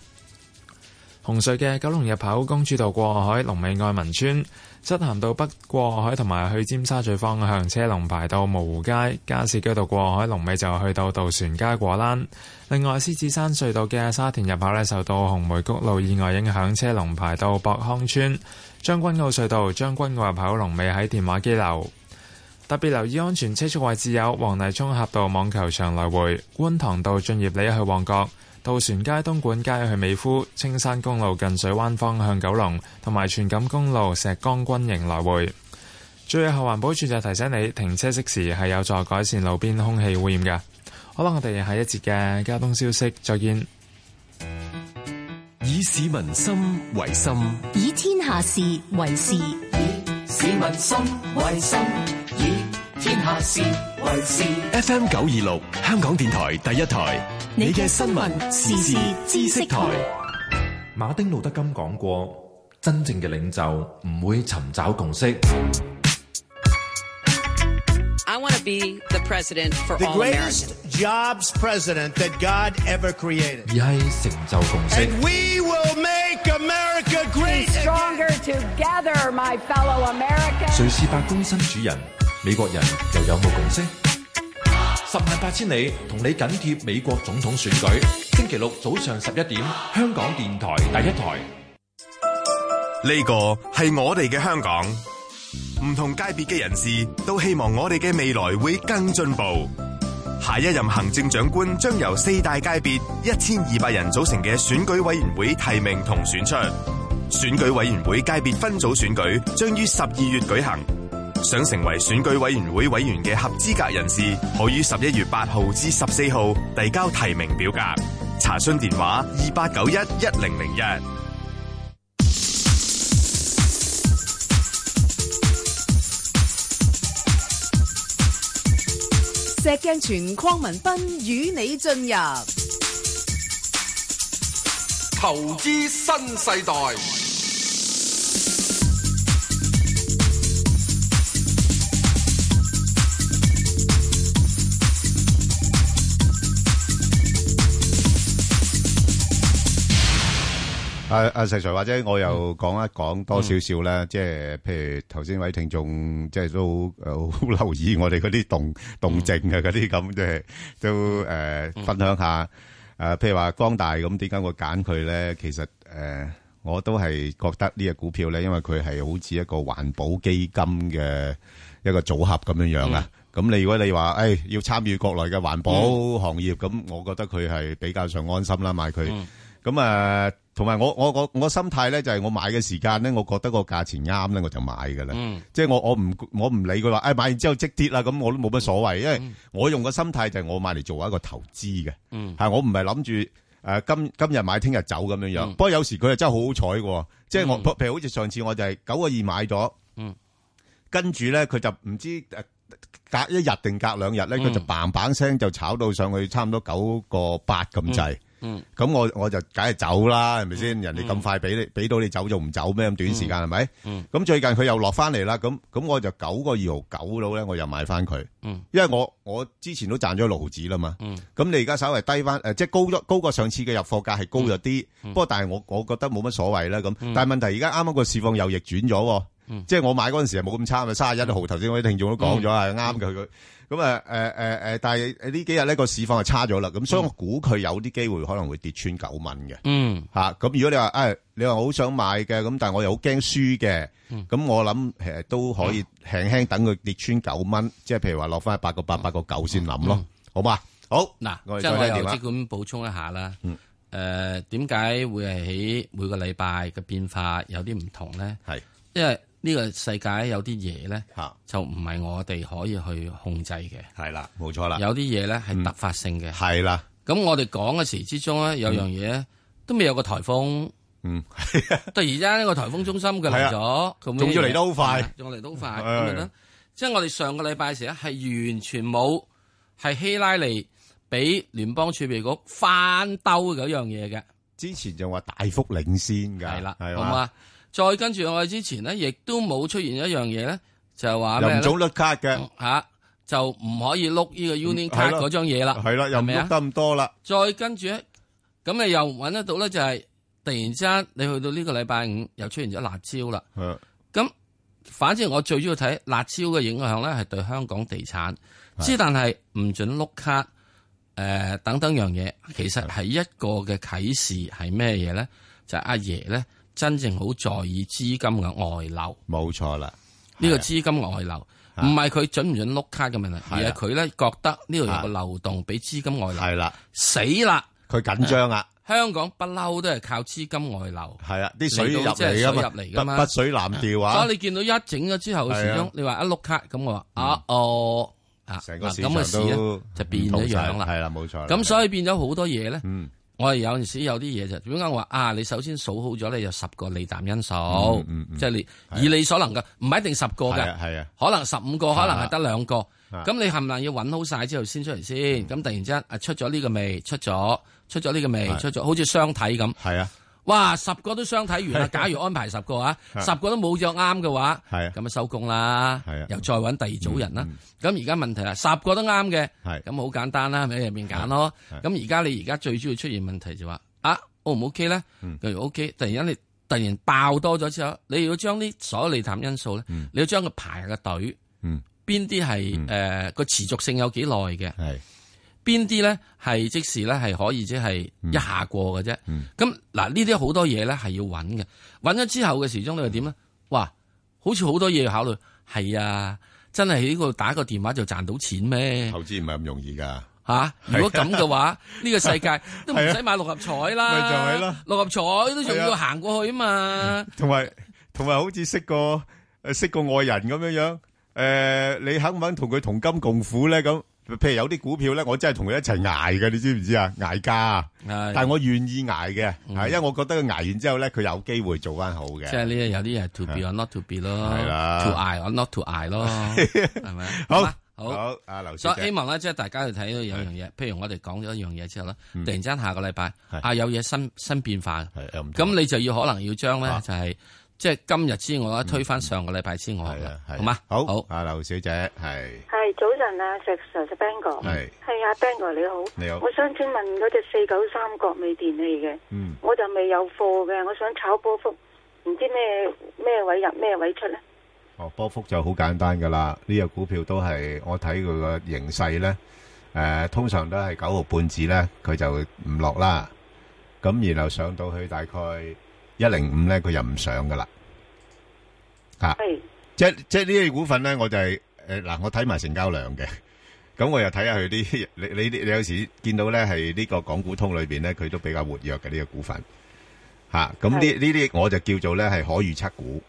紅隧嘅九龍入口公主道過海，龍尾愛民村；漆咸道北過海同埋去尖沙咀方向，車龍排到蕪湖街；加士居道過海龍尾就去到渡船街果欄。另外，獅子山隧道嘅沙田入口呢，受到紅梅谷路意外影響，車龍排到博康村；將軍澳隧道將軍澳入口龍尾喺電話機樓。特別留意安全車速位置有黃泥涌峽道網球場來回、觀塘道駿業里去旺角。渡船街、東莞街去美孚、青山公路近水灣方向、九龍同埋荃錦公路、石崗軍營來回。最後，環保署就提醒你，停車熄匙係有助改善路邊空氣污染嘅。好啦，我哋下一節嘅交通消息，再見。以市民心為心，以天下事為事。以市民心為心，以天下事為事。F M 九二六，香港電台第一台。你嘅新聞時事知識台，馬丁路德金講過，真正嘅領袖唔會尋找共識，而係成就共識。誰是白宮新主人？美國人又有冇共識？十萬八千里同你緊貼美國總統選舉，星期六早上十一點，香港電台第一台。呢個係我哋嘅香港，唔同界別嘅人士都希望我哋嘅未來會更進步。下一任行政長官將由四大界別一千二百人組成嘅選舉委員會提名同選出，選舉委員會界別分組選舉將於十二月舉行。想成為選舉委員會委員嘅合資格人士，可於十一月八號至十四號遞交提名表格。查詢電話：二八九一一零零一。石鏡泉、鄺民彬與你進入投資新世代。阿阿石 Sir，或者我又講一講多少少啦，即係譬如頭先位聽眾即係都誒好留意我哋嗰啲動動靜呀嗰啲咁，即係都誒分享下。誒譬如話光大咁點解會揀佢咧？其實誒我都係覺得呢隻股票咧，因為佢係好似一個環保基金嘅一個組合咁樣樣啊。咁你如果你話誒要參與國內嘅環保行業，咁我覺得佢係比較上安心啦買佢。咁誒。同埋我我我我心態咧就係我買嘅時間咧，我覺得個價錢啱咧，我就買㗎啦。嗯、即係我我唔我唔理佢話，誒買完之後即跌啦，咁我都冇乜所謂。因為我用個心態就係我買嚟做一個投資嘅，係、嗯、我唔係諗住誒今今日買聽日走咁樣樣。不過、嗯、有時佢又真係好彩嘅，即係我譬、嗯、如好似上次我就係九個二買咗，跟住咧佢就唔知隔一日定隔兩日咧，佢就嘭嘭聲就炒到上去差唔多九個八咁滯。嗯，咁我我就梗係走啦，係咪先？人哋咁快俾你俾到你走就唔走咩？咁短時間係咪？是是嗯，咁最近佢又落翻嚟啦，咁咁我就九個二毫九度咧，我又買翻佢。嗯，因為我我之前都賺咗六毫子啦嘛。嗯，咁你而家稍微低翻，誒、呃，即係高咗，高過上次嘅入貨價係高咗啲，嗯、不過但係我我覺得冇乜所謂啦。咁，但係問題而家啱啱個市況又逆轉咗。嗯、即係我買嗰陣時係冇咁差啊，三十一號頭先我啲聽眾都講咗係啱嘅佢，咁啊誒誒誒，嗯、但係呢幾日呢個市況係差咗啦，咁所以我估佢有啲機會可能會跌穿九蚊嘅。嗯，吓咁如果你話誒、哎、你話好想買嘅，咁但係我又好驚輸嘅，咁、嗯、我諗誒都可以輕輕等佢跌穿九蚊，即係譬如話落翻八個八八個九先諗咯，好嘛，好嗱，即係、嗯、我點知咁補充一下啦。嗯，誒點解會係喺每個禮拜嘅變化有啲唔同咧？係因為。呢個世界有啲嘢咧，就唔係我哋可以去控制嘅。係啦，冇錯啦。有啲嘢咧係突發性嘅。係啦。咁我哋講嘅時之中咧，有樣嘢都未有個颱風。嗯，但而家呢個颱風中心嘅嚟咗，仲要嚟得好快，仲嚟都快。咁樣即係我哋上個禮拜時咧，係完全冇係希拉里俾聯邦儲備局翻兜嗰樣嘢嘅。之前就話大幅領先㗎。係啦，係嘛？再跟住我之前呢，亦都冇出現一樣嘢咧，就係話唔准碌卡嘅吓、啊，就唔可以碌呢個 Union 卡嗰張嘢啦，係啦，又碌唔得咁多啦。再跟住咧，咁你又搵得到咧、就係，就係突然之間你去到呢個禮拜五又出現咗辣招啦。咁的反正我最主要睇辣招嘅影響咧，係對香港地產之，的但係唔准碌卡誒、呃、等等樣嘢，其實係一個嘅啟示係咩嘢咧？就係、阿爺咧。真正好在意資金嘅外流，冇錯啦。呢個資金外流唔係佢準唔準碌卡嘅問題，而係佢咧覺得呢度有個漏洞，俾資金外流，死啦！佢緊張啊！香港不嬲都係靠資金外流，係啊！啲水入嚟嘅嘛，北，北水南調啊！所以你見到一整咗之後，始終你話一碌卡咁，我話啊哦啊，成個市場都就變咗樣啦，係啦冇錯。咁所以變咗好多嘢咧。我哋有時有啲嘢就，如果我話啊，你首先數好咗，你有十個利淡因素，嗯嗯嗯、即係你，而你、啊、所能嘅唔係一定十個嘅，啊，啊可能十五個，啊、可能係得兩個，咁、啊、你冚唔唥要揾好晒之後先出嚟先，咁、啊、突然之間啊出咗呢個味，出咗出咗呢個味，啊、出咗，好似相睇咁，啊。哇！十個都相睇完啦，假如安排十個啊，十個都冇咗啱嘅話，係咁啊收工啦，又再搵第二組人啦。咁而家問題啦，十個都啱嘅，係咁好簡單啦，喺入面揀咯。咁而家你而家最主要出現問題就話啊 O 唔 OK 咧？例如 OK，突然間你突然爆多咗之後，你要將啲所有利淡因素咧，你要將佢排個隊，邊啲係誒個持續性有幾耐嘅？邊啲咧係即時咧係可以即係一下過嘅啫，咁嗱呢啲好多嘢咧係要揾嘅，揾咗之後嘅時鐘你又點咧？哇，好似好多嘢要考慮，係啊，真係喺呢個打個電話就賺到錢咩？投資唔係咁容易噶吓、啊，如果咁嘅話，呢、啊、個世界都唔使買六合彩啦，啊就係、六合彩都仲要行過去啊嘛。同埋同埋好似識個誒識個愛人咁樣樣，誒、呃、你肯唔肯同佢同甘共苦咧？咁。譬如有啲股票咧，我真係同佢一齊挨嘅，你知唔知啊？挨家，但係我願意挨嘅，因為我覺得佢挨完之後咧，佢有機會做翻好嘅。即係呢啲有啲嘢 to be or not to be 咯，to eye or not to eye 咯，係咪？好，好，啊劉所以希望咧，即係大家去睇到有樣嘢，譬如我哋講咗一樣嘢之後咧，突然之間下個禮拜啊有嘢新新變化，咁你就要可能要將咧就係。即係今日之外，我推翻上個禮拜之外，係啦，係嘛，好好啊，劉小姐，係係早晨啊，石 Sir，Ben 哥，係係阿 Ben 哥你好，你好，我想請問嗰隻四九三國美電器嘅，嗯，我就未有貨嘅，我想炒波幅，唔知咩咩位入咩位出咧？哦，波幅就好簡單噶啦，呢隻股票都係我睇佢個形勢咧，誒，通常都係九毫半字咧，佢就唔落啦，咁然後上到去大概。一零五咧，佢又唔上噶啦，吓是、啊，即即呢啲股份咧，我就係誒嗱，我睇埋成交量嘅，咁我又睇下佢啲，你你你有時見到咧係呢個港股通裏邊咧，佢都比較活躍嘅呢個股份，吓、啊，咁呢呢啲我就叫做咧係可預測股，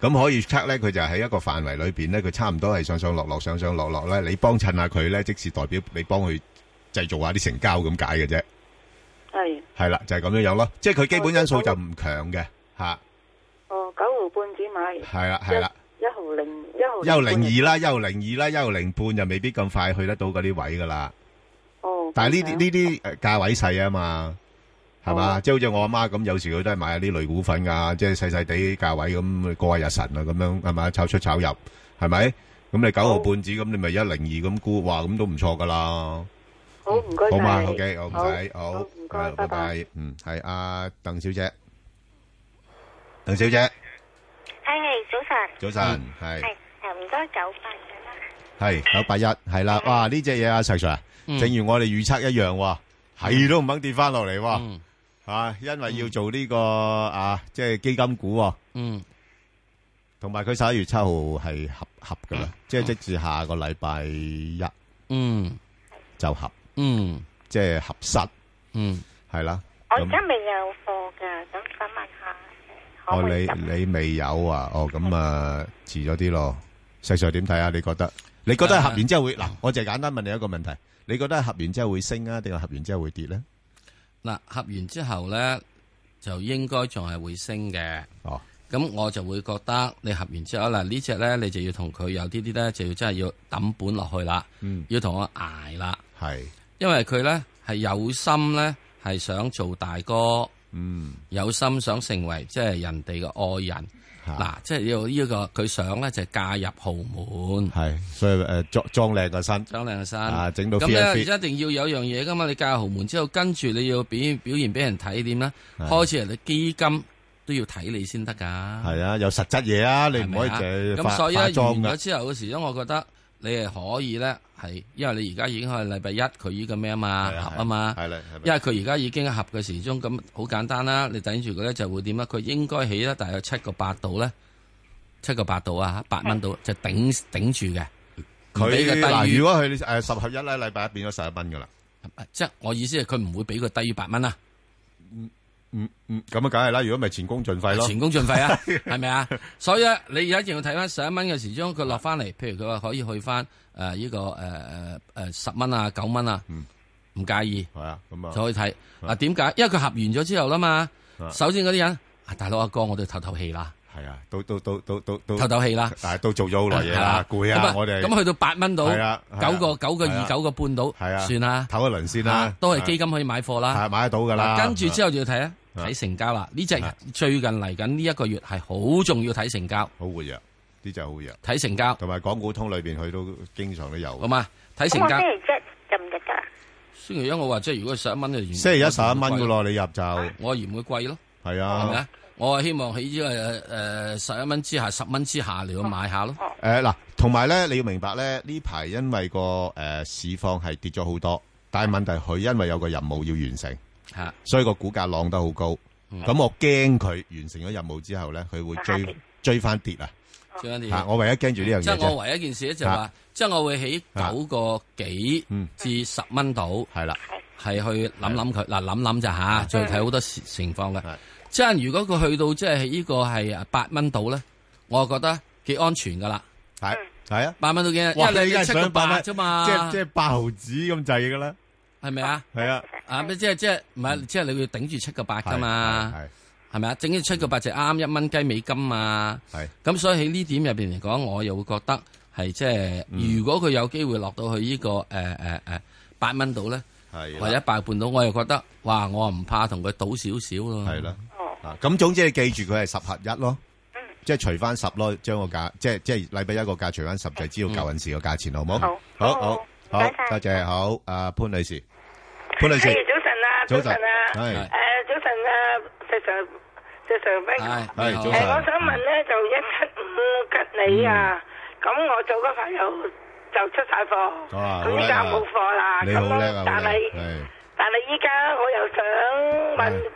咁可預測咧，佢就喺一個範圍裏邊咧，佢差唔多係上上落落，上上落落咧，你幫襯下佢咧，即是代表你幫佢製造下啲成交咁解嘅啫。係，係啦，就係咁樣樣咯，即係佢基本因素就唔強嘅，吓。哦，九毫半子買。係啦，係啦。一毫零，一毫。一毫零二啦，一毫零二啦，一毫零半就未必咁快去得到嗰啲位噶啦。哦。但係呢啲呢啲誒價位細啊嘛，係嘛，即係好似我阿媽咁，有時佢都係買下啲類股份噶，即係細細啲價位咁過下日神啊，咁樣係嘛，炒出炒入，係咪？咁你九毫半子，咁你咪一零二咁估，話，咁都唔錯噶啦。好唔該晒，好嘛，OK，好唔使，好唔該，拜拜。嗯，係阿鄧小姐，鄧小姐，係早晨，早晨係，係唔該九八噶啦，係九八一係啦，哇呢隻嘢啊，Sir Sir，正如我哋預測一樣，係都唔肯跌翻落嚟，啊，因為要做呢個啊，即係基金股，嗯，同埋佢十一月七號係合合噶啦，即係直至下個禮拜一，嗯，就合。嗯，即係合實，嗯，係啦。我而家未有貨噶，咁想問下可唔可以入？哦，你你未有啊？哦，咁啊，遲咗啲咯。石 Sir 點睇啊？你覺得？你覺得合完之後會嗱？我就係簡單問你一個問題：你覺得合完之後會升啊，定係合完之後會跌咧？嗱，合完之後咧就應該仲係會升嘅。哦，咁我就會覺得你合完之後嗱，呢隻咧你就要同佢有啲啲咧，就要真係要揼本落去啦。嗯，要同我捱啦。係。因為佢咧係有心咧係想做大哥，嗯，有心想成為即係、就是、人哋嘅愛人。嗱是的、啊，即係要呢個佢想咧就是、嫁入豪門，係所以誒裝裝靚個身，裝靚個身啊，整到咁咧而家一定要有樣嘢噶嘛。你嫁入豪門之後，跟住你要表現表現俾人睇點啦。的開始人哋基金都要睇你先得噶，係啊，有實質嘢啊，你唔可以咁、啊、所以咧，完咗之後嘅時候，咁我覺得你係可以咧。係，因為你而家已經係禮拜一，佢依個咩啊嘛，的合啊嘛，因為佢而家已經合嘅時鐘，咁好簡單啦。你等住佢咧就會點啊？佢應該起得大約七個八度咧，七個八度啊，八蚊度就頂頂住嘅。佢嗱，如果佢誒十合一咧，禮拜一變咗十一蚊噶啦。即係我意思係，佢唔會俾佢低於八蚊啦，啊。嗯嗯，咁、嗯、啊，梗係啦，如果咪前功盡廢咯，前功盡廢啊，係咪啊？所以咧、啊，你而家一定要睇翻上一蚊嘅時鐘，佢落翻嚟，譬如佢話可以去翻誒呢個誒誒誒十蚊啊，九蚊啊，唔介意係啊，咁啊、嗯，嗯、就可以睇啊。點解？因為佢合完咗之後啦嘛。首先嗰啲人，大佬阿哥，我哋透透氣啦。係啊，都都都都都都唞唞氣啦，但係都做咗好耐嘢啦，攰啊！我哋咁去到八蚊到，九個九個二九個半到，係啊，算啦，唞一輪先啦。都係基金可以買貨啦，係買得到噶啦。跟住之後就要睇啊，睇成交啦。呢隻最近嚟緊呢一個月係好重要睇成交，好活躍，呢隻好活躍。睇成交同埋港股通裏邊佢都經常都有。好嘛，睇成交。星期一我話即係如果十一蚊就。星期一十一蚊噶咯，你入就我嫌佢貴咯。係啊。我係希望喺呢個誒十一蚊之下，十蚊之下嚟到買下咯。誒，嗱，同埋咧，你要明白咧，呢排因為個誒市況係跌咗好多，但係問題佢因為有個任務要完成，吓，所以個股價浪得好高。咁我驚佢完成咗任務之後咧，佢會追追翻跌啊，我唯一驚住呢樣嘢即係我唯一件事就係話，即係我會喺九個幾至十蚊度係啦，係去諗諗佢嗱諗諗下，吓，仲要睇好多情況嘅。即係如果佢去到即係呢個係啊八蚊到咧，我覺得幾安全噶啦。係係啊，八蚊到幾？因為你七個八啫嘛，即係即係八毫子咁滯噶啦，係咪啊？係啊，啊即係即係唔係即係你要頂住七個八噶嘛？係咪啊？整住七個八就啱一蚊雞美金啊！係咁，所以喺呢點入面嚟講，我又會覺得係即係，如果佢有機會落到去呢個誒誒誒八蚊到咧，或者八半到，我又覺得哇，我唔怕同佢賭少少啊！係啦。咁總之你記住佢係十合一咯，即係除翻十咯，將個價即係即係禮拜一個價除翻十就係知道舊陣時個價錢，好唔好？好，好好好，多謝，好，阿潘女士，潘女士，早晨啊，早晨啊，係，誒，早晨啊，謝常，謝常輝，係，誒，我想問咧，就一七五吉你啊，咁我做嘅朋友就出晒貨，咁依家冇貨啦，你好叻啊，你好，但係但係依家我又想問。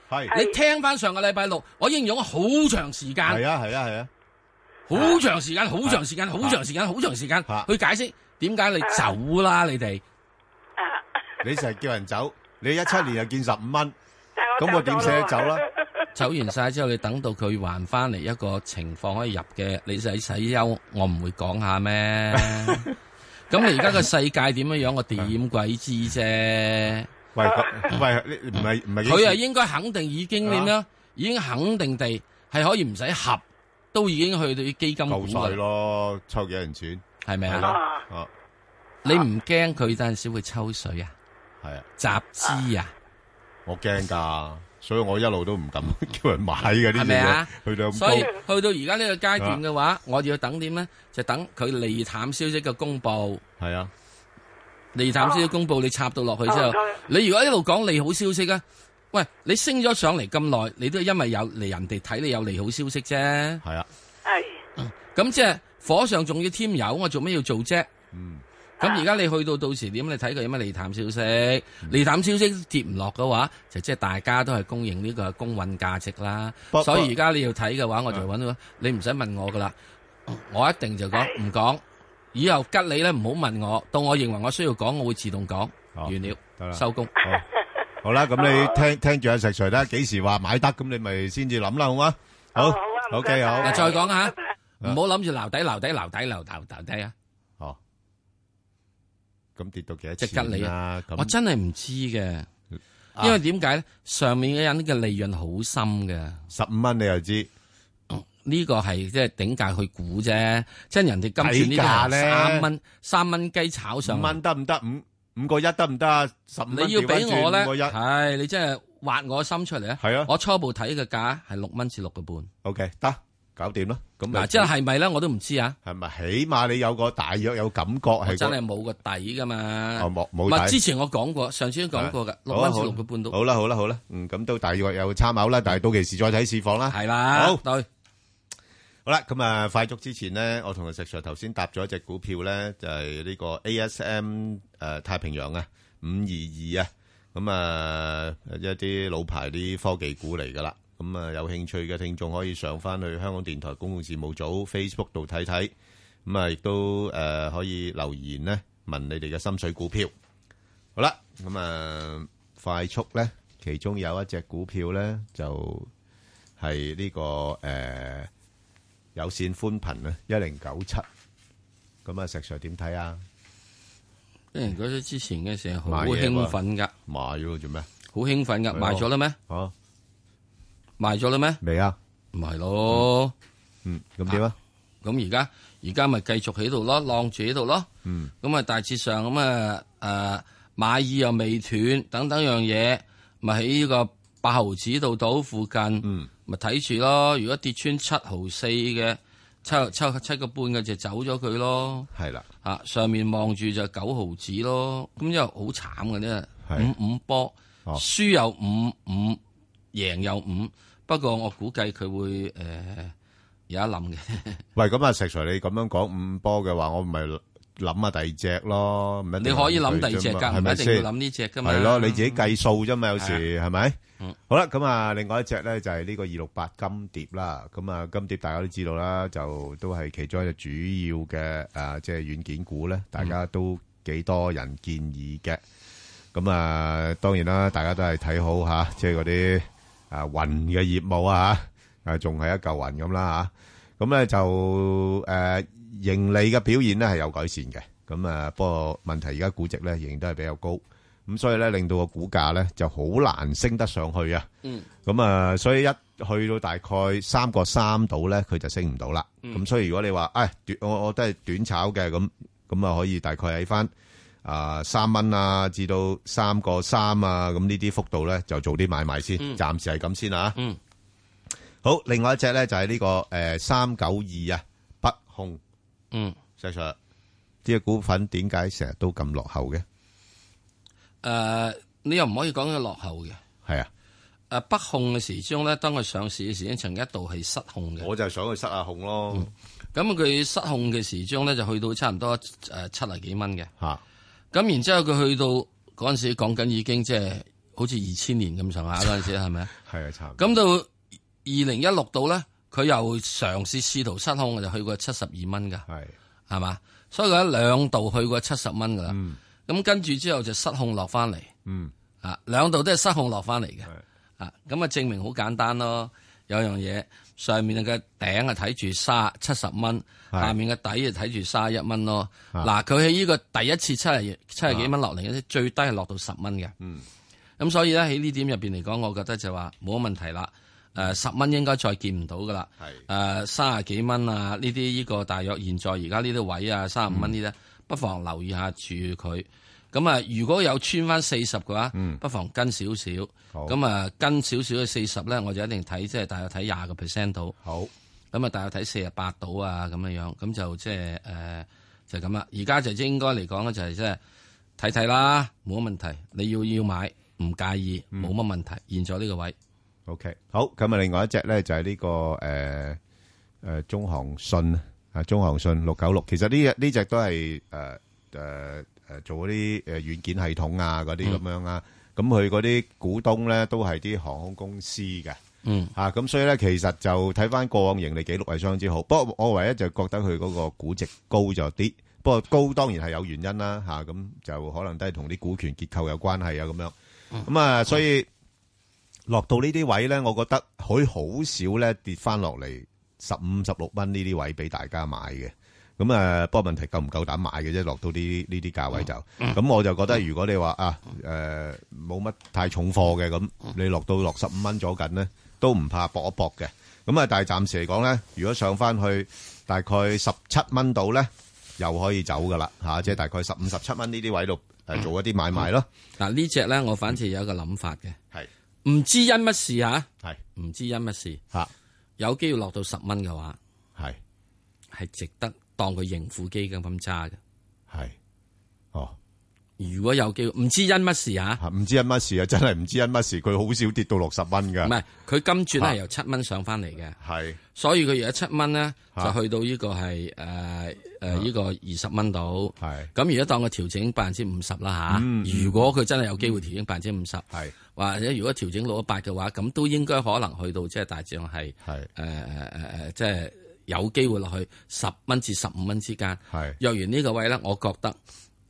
係你聽翻上個禮拜六，我應用咗好長時間。係啊係啊係啊，好長時間，好長時間，好長時間，好長時間，去解釋點解你走啦？你哋，你成日叫人走，你一七年又見十五蚊，咁我點捨得走啦？走完晒之後，你等到佢還翻嚟一個情況可以入嘅，你使使休，我唔會講下咩？咁你而家個世界點樣樣，我點鬼知啫？喂，喂唔係，唔係佢啊，應該肯定已經點啦？嗎已經肯定地係可以唔使合，都已經去到啲基金股水咯。抽幾人錢係咪嗎嗎啊？你唔驚佢陣時會抽水啊？係啊，集資啊！我驚噶，所以我一路都唔敢叫人買嘅呢啲嘢。咪嗎啊？去到所以去到而家呢個階段嘅話，我哋要等點咧？就等佢利淡消息嘅公布。係啊。利淡消息公布，你插到落去之後，你如果一路講利好消息啊，喂，你升咗上嚟咁耐，你都係因為有嚟人哋睇你有利好消息啫。係啊，係。咁即係火上仲要添油，我做咩要做啫？嗯，咁而家你去到到時點？你睇佢有咩利淡消息？利淡消息跌唔落嘅話，就即係大家都係公認呢個公允價值啦。所以而家你要睇嘅話，我就搵到你唔使問我噶啦，我一定就講唔講。以後吉你咧，唔好問我，到我認為我需要講，我會自動講。哦、完了，收工了班、哦。好啦，咁你聽聽住阿石錘啦，幾時話買得，咁你咪先至諗啦，好嗎？好，OK，好。再講下，唔好諗住留底留底留底留頭留底啊。底底底哦，咁跌到幾多？即吉你啊！我真係唔知嘅，因為點解咧？上面嘅人嘅利潤好深嘅，十五蚊你又知。呢個係即係頂價去估啫，即係人哋今次呢個價咧，三蚊三蚊雞炒上五蚊得唔得？五五個一得唔得？你要俾我咧，係你真係挖我心出嚟啊！我初步睇嘅價係六蚊至六個半。OK，得，搞掂囉。咁啊，即係係咪咧？我都唔知啊。係咪？起碼你有個大約有感覺係真係冇個底噶嘛。冇冇底。咪之前我講過，上次都講過噶，六蚊至六個半都。好啦，好啦，好啦。嗯，咁都大約有參考啦。但係到期時再睇市況啦。係啦，好對。好啦，咁啊！快速之前咧，我同阿石 Sir 頭先搭咗一隻股票咧，就係呢個 ASM 誒，太平洋啊，五二二啊，咁啊一啲老牌啲科技股嚟㗎喇。咁啊，有興趣嘅聽眾可以上翻去香港電台公共事務組 Facebook 度睇睇，咁啊亦都誒可以留言咧，問你哋嘅心水股票。好啦，咁啊快速咧，其中有一隻股票咧就係呢個誒。有線寬頻咧，一零九七，咁啊石 Sir 點睇啊？一零九七之前嘅時候好興奮噶，買咗做咩？好興奮噶，賣咗啦咩？啊賣咗啦咩？未啊，唔係咯，嗯，咁點啊？咁而家而家咪繼續喺度咯，晾住喺度咯，嗯，咁啊大致上咁啊誒買意又未斷，等等樣嘢，咪喺呢個八毫子度島附近，嗯。咪睇住咯，如果跌穿七毫四嘅，七七七個半嘅就走咗佢咯。係啦的，上面望住就九毫子咯。咁因為好慘嘅啫，五五波，輸有五五，贏有五。不過我估計佢會誒、呃、有一諗嘅。 [laughs] 喂，咁啊，石 Sir，你咁樣講五波嘅話，我唔係。諗下第二隻咯，唔，你可以諗第二隻噶，係咪一定要諗呢隻噶嘛係咯，你自己計數啫嘛，有時，係咪？好啦，咁啊，另外一隻咧就係呢個二六八金蝶啦。咁啊，金蝶大家都知道啦，就都係其中一隻主要嘅，誒，即係軟件股咧，大家都幾多人建議嘅。咁啊，當然啦，大家都係睇好吓，即係嗰啲啊雲嘅業務啊吓，誒，仲係一嚿雲咁啦吓。咁咧就誒。盈利嘅表現咧係有改善嘅，咁啊，不過問題而家估值咧仍然都係比較高，咁所以咧令到個股價咧就好難升得上去啊。咁啊，所以一去到大概三個三度咧，佢就升唔到啦。咁所以如果你話，唉，我我都係短炒嘅，咁咁啊，可以大概喺翻啊三蚊啊至到三個三啊，咁呢啲幅度咧就做啲買賣先，暫時係咁先啦嚇。嗯。好，另外一隻咧就係呢個誒三九二啊，北控。嗯，就係呢啲股份點解成日都咁落後嘅？誒、呃，你又唔可以講佢落後嘅。係啊，誒，北控嘅時鐘咧，當佢上市嘅時間曾經一度係失控嘅。我就係想去失下控咯。咁佢、嗯、失控嘅時鐘咧，就去到差唔多誒七十多啊幾蚊嘅。吓，咁然之後佢去到嗰陣時講緊已經即係好似二千年咁上下嗰陣時係咪？係 [laughs] 吧、啊、差唔多。咁到二零一六度咧。佢又嘗試試圖失控，就去過七十二蚊㗎，係咪？嘛？所以佢喺兩度去過七十蚊㗎啦。咁、嗯、跟住之後就失控落翻嚟，嗯、啊兩度都係失控落翻嚟嘅。啊咁是的 啊，就證明好簡單咯。有樣嘢上面嘅頂係睇住卅七十蚊，是的 下面嘅底就睇住三十一蚊咯。嗱，佢喺呢個第一次七十七十幾蚊落嚟最低係落到十蚊嘅。咁所以咧喺呢點入面嚟講，我覺得就話冇乜問題啦。誒、呃，十蚊應該再見唔到噶啦。係誒是、呃，三十幾蚊啊，呢啲呢個大約現在而家呢啲位啊，三十五蚊呢，啲、嗯，不妨留意下住佢。咁啊，如果有穿翻四十嘅話，嗯、不妨跟少少。咁啊好，跟少少嘅四十咧，我就一定睇，即、就、係、是、大約睇廿個 percent 到。好。咁啊，大約睇四十八到啊，咁樣樣，咁就即係誒，就咁、就是、啦。而家就應該嚟講咧，就係即係睇睇啦，冇乜問題。你要要買，唔介意，冇乜問題。嗯、現在呢個位。OK，好，咁啊，另外一隻咧就係呢個誒誒中航信啊，中航信六九六，其實呢隻呢隻都係誒誒誒做嗰啲誒軟件系統啊，嗰啲咁樣啊，咁佢嗰啲股東咧都係啲航空公司嘅，嗯啊，咁所以咧其實就睇翻過往盈利記錄係相當之好，不過我唯一就覺得佢嗰個估值高咗啲，不過高當然係有原因啦吓，咁就可能都係同啲股權結構有關係啊咁樣，咁啊所以。落到呢啲位咧，我覺得佢好少咧跌翻落嚟十五十六蚊呢啲位俾大家買嘅。咁啊，不過問題夠唔夠膽買嘅啫？落到呢呢啲價位就，咁、嗯、我就覺得如果你話啊，誒冇乜太重貨嘅，咁你落到落十五蚊左近咧，都唔怕搏一搏嘅。咁啊，但係暫時嚟講咧，如果上翻去大概十七蚊度咧，又可以走噶啦嚇，即、啊、係、就是、大概十五十七蚊呢啲位度誒做一啲買賣咯。嗱呢隻咧，嗯、隻我反而有一個諗法嘅。唔知因乜事吓，係唔知因乜事吓，有機會落到十蚊嘅話，係係值得當佢盈富基金咁揸嘅，係哦。如果有機會唔知因乜事吓，唔知因乜事啊，真係唔知因乜事，佢好少跌到六十蚊嘅唔係，佢今轉咧係由七蚊上翻嚟嘅，係，所以佢而家七蚊咧就去到呢個係誒誒呢個二十蚊度，係咁。而家當佢調整百分之五十啦吓，如果佢真係有機會調整百分之五十，係。或者如果調整六百八嘅話，咁都應該可能去到即係大致上係誒誒誒誒，即係有機會落去十蚊至十五蚊之間。若然呢個位咧，我覺得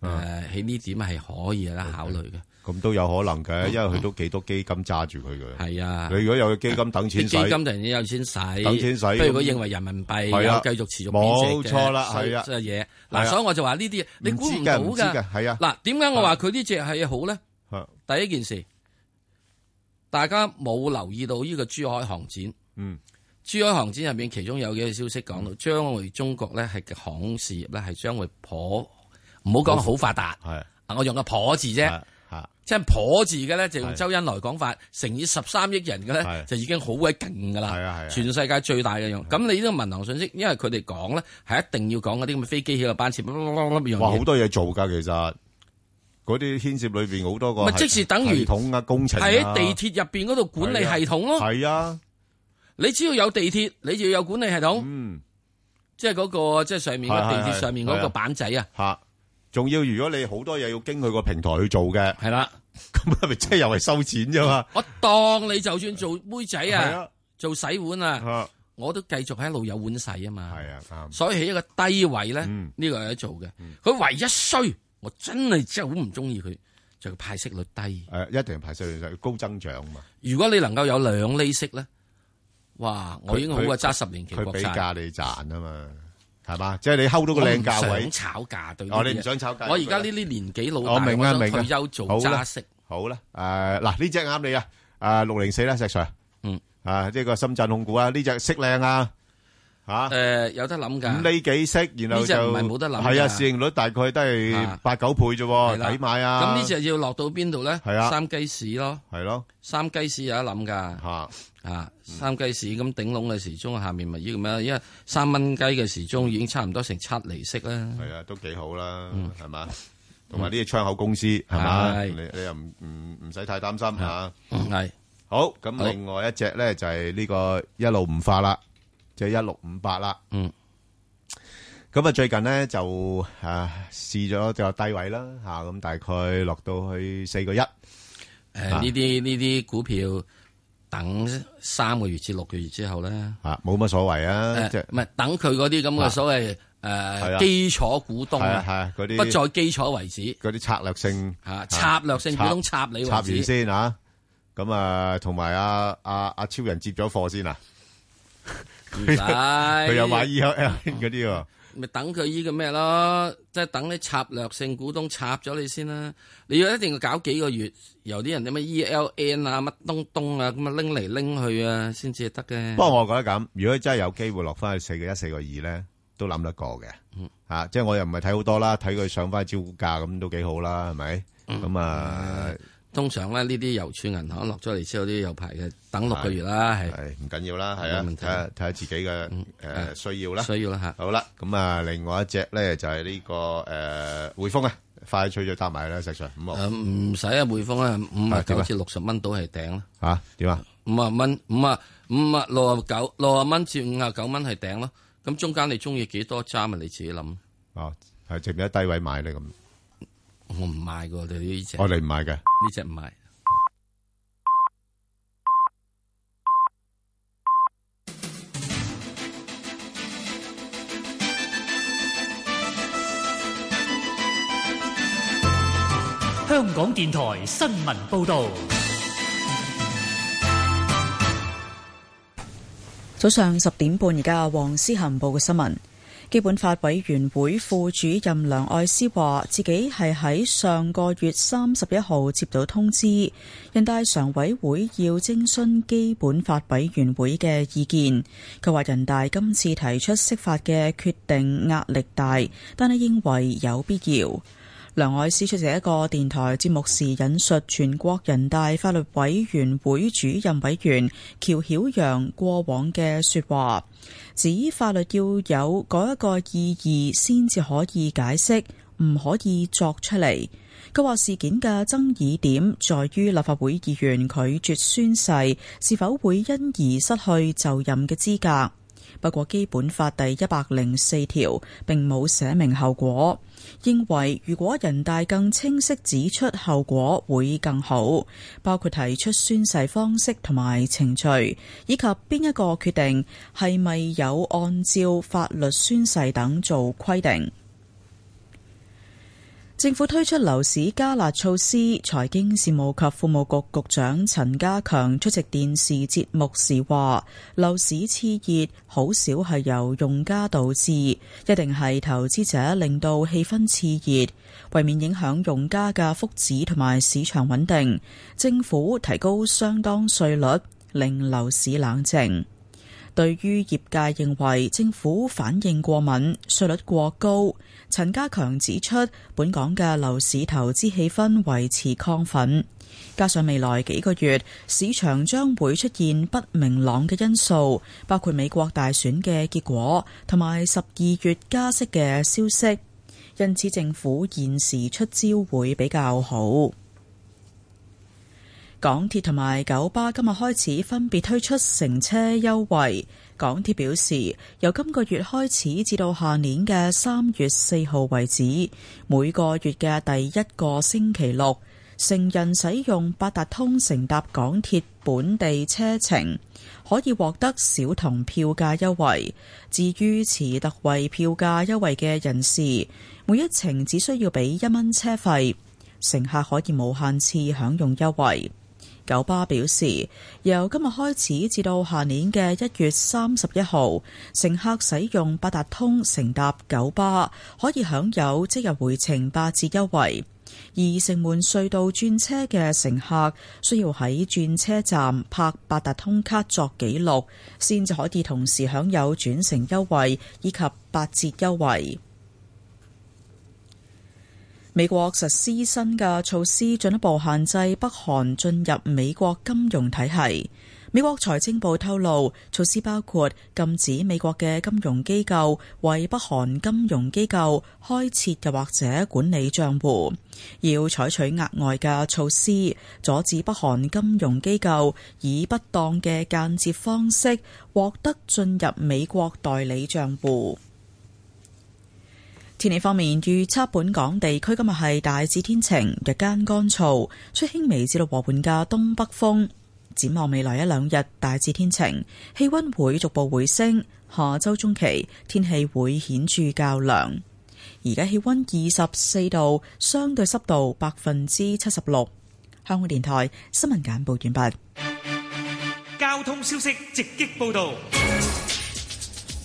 誒喺呢點係可以咧考慮嘅。咁都有可能嘅，因為佢都幾多基金揸住佢嘅。係啊，你如果又有基金等錢使，啲基金突然間有錢使，等錢使。如果認為人民幣繼續持續冇錯啦，係啊，即係嘢。嗱，所以我就話呢啲你估唔到㗎。係啊，嗱，點解我話佢呢隻係好咧？第一件事。大家冇留意到呢個珠海航展？嗯，珠海航展入面其中有幾個消息講到，將來中國咧係航空事業呢咧係將會頗，唔好講好發達，啊我用個頗字啫，嚇，即係頗字嘅咧，就用周恩來講法，是乘以十三億人嘅咧，就已經好鬼勁㗎啦，啊全世界最大嘅用，咁你呢個民航信息，因為佢哋講咧係一定要講嗰啲咁嘅飛機起落班次，有好多嘢做㗎其實。嗰啲牽涉裏邊好多個系統啊、工程喺地鐵入邊嗰度管理系統咯，係啊，你只要有地鐵，你就要有管理系統。嗯，即係嗰個即係上面嘅地鐵上面嗰個板仔啊。吓，仲要如果你好多嘢要經佢個平台去做嘅，係啦，咁咪即係又係收錢啫嘛。我當你就算做妹仔啊，做洗碗啊，我都繼續喺度有碗洗啊嘛。係啊，所以喺一個低位咧，呢個係要做嘅。佢唯一衰。我真係真係好唔中意佢，就佢派息率低。誒，一定要派息率就高增長啊嘛。如果你能夠有兩厘息咧，哇，我應該好過揸十年期國債。佢俾價你賺啊嘛，係嘛？即係你 hold 到個靚價位。唔想炒價，對啲嘢。我哋唔想炒價。我而家呢啲年紀老，明啊明。退休做揸息。好啦，誒，嗱呢隻啱你啊，誒六零四啦，石 Sir。嗯。啊，即係個深圳控股啊，呢隻息靚啊。吓，誒，有得諗噶。咁呢幾息，然後呢隻唔係冇得諗，係啊，市盈率大概都係八九倍啫，抵買啊。咁呢隻要落到邊度咧？係啊，三雞市咯，係咯，三雞市有得諗噶。吓，啊，三雞市咁頂籠嘅時鐘，下面咪依個咩？因為三蚊雞嘅時鐘已經差唔多成七厘息啦。係啊，都幾好啦，係嘛。同埋呢隻窗口公司，係咪？你你又唔唔唔使太擔心吓。係好，咁另外一隻咧就係呢個一路唔化啦。就一六五八啦，嗯，咁啊最近咧就啊試咗就低位啦，吓咁大概落到去四個一，誒呢啲呢啲股票等三個月至六個月之後咧，吓冇乜所謂啊，即係唔係等佢嗰啲咁嘅所謂誒基礎股東係啲不再基礎為止，嗰啲策略性吓策略性，普通插你插住先啊？咁啊，同埋阿阿超人接咗貨先啊？唔使，佢又買 E L N 嗰啲喎，咪等佢依個咩咯？即係等你策略性股東插咗你先啦。你要一定要搞幾個月，由啲人有咩 E L N 啊乜東東啊咁啊拎嚟拎去啊，先至得嘅。不過我覺得咁，如果真係有機會落翻去四個一四個二咧，都諗得過嘅。吓，即係我又唔係睇好多啦，睇佢上翻招股價咁都幾好啦，係咪？咁啊。通常咧，呢啲郵儲銀行落咗嚟之後啲郵牌嘅，等六個月啦，係唔緊要啦，係啊，睇睇下自己嘅誒、嗯呃、需要啦，需要啦吓。好啦，咁、嗯、啊，另外一隻咧就係、是、呢、這個誒、呃、匯豐啊，快脆咗搭埋啦，石 Sir，五唔使啊，匯豐啊，五啊九至六十蚊到係頂啦。吓點啊？五啊蚊，五啊五啊六啊九六啊蚊至五啊九蚊係頂咯。咁中間你中意幾多揸咪你自己諗。哦、啊，係淨喺低位買咧咁。我唔買噶，我哋唔買嘅呢隻唔買。香港電台新聞報道，早上十點半，而家黃思恆報嘅新聞。基本法委員會副主任梁愛詩話：自己係喺上個月三十一號接到通知，人大常委會要徵詢基本法委員會嘅意見。佢話：人大今次提出釋法嘅決定壓力大，但係認為有必要。梁愛詩出席一個電台節目時，引述全國人大法律委員會主任委員喬曉陽過往嘅說話，指法律要有嗰一個意義先至可以解釋，唔可以作出嚟。佢話事件嘅爭議點在於立法會議員拒絕宣誓，是否會因而失去就任嘅資格。不過，《基本法》第一百零四條並冇寫明後果，認為如果人大更清晰指出後果會更好，包括提出宣誓方式同埋程序，以及邊一個決定係咪有按照法律宣誓等做規定。政府推出樓市加辣措施，財經事務及庫務局局,局長陳家強出席電視節目時話：樓市熾熱，好少係由用家導致一定係投資者令到氣氛熾熱，為免影響用家嘅福祉同埋市場穩定，政府提高相當稅率，令樓市冷靜。對於業界認為政府反應過敏，稅率過高。陳家強指出，本港嘅樓市投資氣氛維持亢奮，加上未來幾個月市場將會出現不明朗嘅因素，包括美國大選嘅結果同埋十二月加息嘅消息，因此政府現時出招會比較好。港鐵同埋九巴今日開始分別推出乘車優惠。港鐵表示，由今個月開始至到下年嘅三月四號為止，每個月嘅第一個星期六，成人使用八達通乘搭港鐵本地車程，可以獲得小童票價優惠。至於持特惠票價優惠嘅人士，每一程只需要俾一蚊車費，乘客可以無限次享用優惠。九巴表示，由今日開始至到下年嘅一月三十一號，乘客使用八達通乘搭九巴可以享有即日回程八折優惠。而城門隧道轉車嘅乘客需要喺轉車站拍八達通卡作記錄，先至可以同時享有轉乘優惠以及八折優惠。美國實施新嘅措施，進一步限制北韓進入美國金融體系。美國財政部透露，措施包括禁止美國嘅金融機構為北韓金融機構開設又或者管理帳戶，要採取額外嘅措施，阻止北韓金融機構以不當嘅間接方式獲得進入美國代理帳戶。天氣方面，預測本港地區今日係大致天晴，日間乾燥，吹輕微至到和緩嘅東北風。展望未來一兩日，大致天晴，氣溫會逐步回升。下周中期天氣會顯著較涼。而家氣溫二十四度，相對濕度百分之七十六。香港電台新聞簡報完畢。交通消息直擊報道。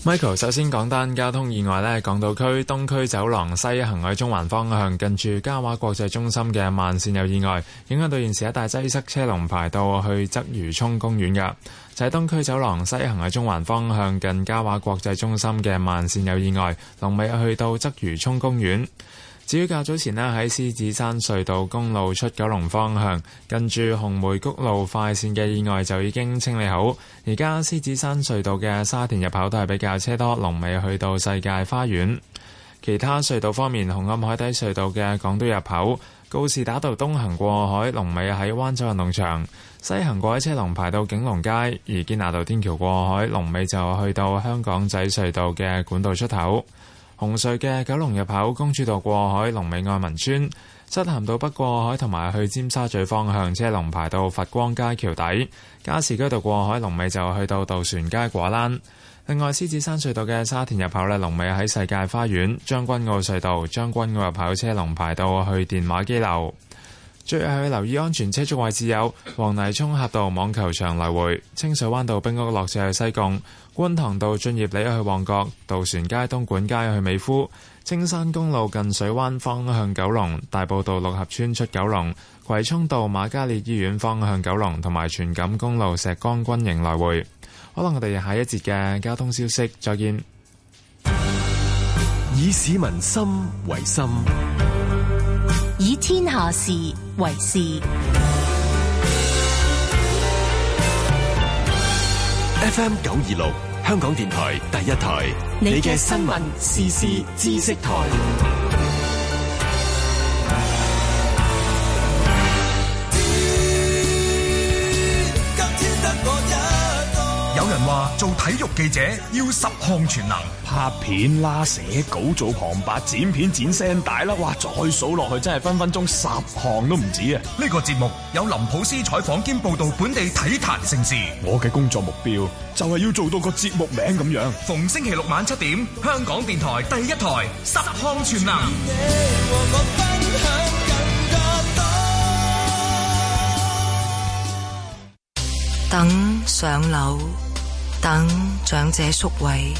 Michael 首先講單交通意外呢，港島區東區走廊西行喺中環方向，近住嘉華國際中心嘅慢線有意外，影響到現時一大擠塞車龍排到去鰂魚涌公園嘅，就係、是、東區走廊西行喺中環方向近嘉華國際中心嘅慢線有意外，龍尾去到鰂魚涌公園。至於較早前咧喺獅子山隧道公路出九龍方向，近住紅梅谷路快線嘅意外就已經清理好。而家獅子山隧道嘅沙田入口都係比較車多，龍尾去到世界花園。其他隧道方面，紅磡海底隧道嘅港島入口、告士打道東行過海，龍尾喺灣仔運動場；西行過海車龍排到景隆街，而堅拿道天橋過海，龍尾就去到香港仔隧道嘅管道出口。洪嘅九龍入口公主道過海龍尾愛民村，漆咸道北過海同埋去尖沙咀方向車龍排到佛光街橋底，加士居道過海龍尾就去到渡船街果欄。另外獅子山隧道嘅沙田入口咧，龍尾喺世界花園，將軍澳隧道將軍澳入口，車龍排到去電話機樓。最後要留意安全車速位置有黃泥涌峽道網球場來回，清水灣道冰屋落車去西貢。觀塘道駿業里去旺角，渡船街東莞街去美孚，青山公路近水灣方向九龍，大埔道六合村出九龍，葵涌道瑪嘉烈醫院方向九龍，同埋荃錦公路石崗軍營來回。可能我哋下一節嘅交通消息再見。以市民心為心，以天下事為事。F M 九二六。香港電台第一台，你嘅新聞時事知識台。做體育記者要十項全能，拍片啦，寫稿做旁白，剪片剪聲帶啦，哇！再數落去真係分分鐘十項都唔止啊！呢個節目有林普斯採訪兼報道本地體壇盛事。我嘅工作目標就係要做到個節目名咁樣。逢星期六晚七點，香港電台第一台十項全能。等上樓。等長者宿位，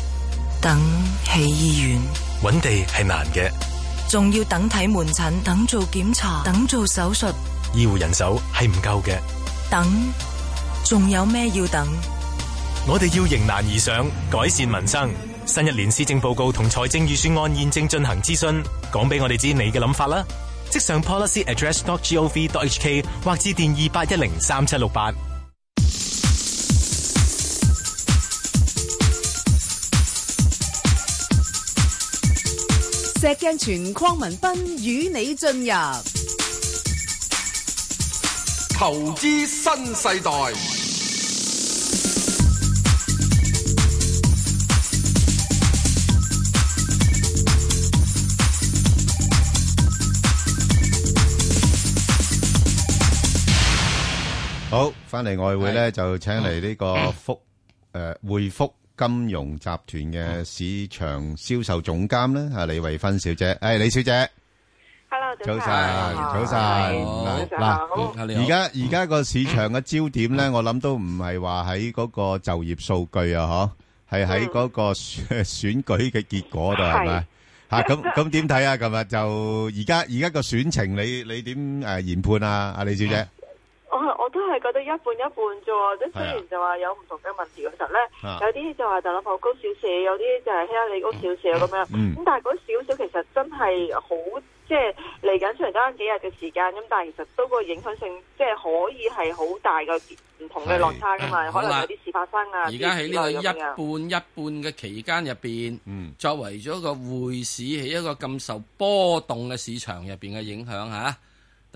等起醫院，揾地係難嘅，仲要等睇門診，等做檢查，等做手術，醫護人手係唔夠嘅，等仲有咩要等？我哋要迎難而上，改善民生。新一年施政報告同財政預算案現正進行諮詢，講俾我哋知你嘅諗法啦。即上 policyaddress.gov.hk 或致電二八一零三七六八。石鏡泉、鄺民彬與你進入投資新世代。好，翻嚟外匯咧，就請嚟呢個福誒匯、呃、福。金融集團嘅市場銷售總監咧，阿李慧芬小姐，誒，李小姐，hello 早晨，早晨，嗱嗱，而家而家個市場嘅焦點咧，我諗都唔係話喺嗰個就業數據啊，嗬，係喺嗰個選舉嘅結果度係咪？吓咁咁點睇啊？今日就而家而家個選情，你你點誒研判啊？阿李小姐。我都係覺得一半一半啫喎，即係雖然就話有唔同嘅問題其實呢，咧、啊，有啲就話特朗普高少少，有啲就係希拉里高少少咁樣。咁但係嗰少少其實真係好，即係嚟緊出嚟得翻幾日嘅時間，咁但係其實都個影響性即係可以係好大嘅唔同嘅落差噶嘛，是嗯、可能有啲事發生啊。而家喺呢個一半一半嘅期間入面，嗯、作為咗個匯市喺一個咁受波動嘅市場入面嘅影響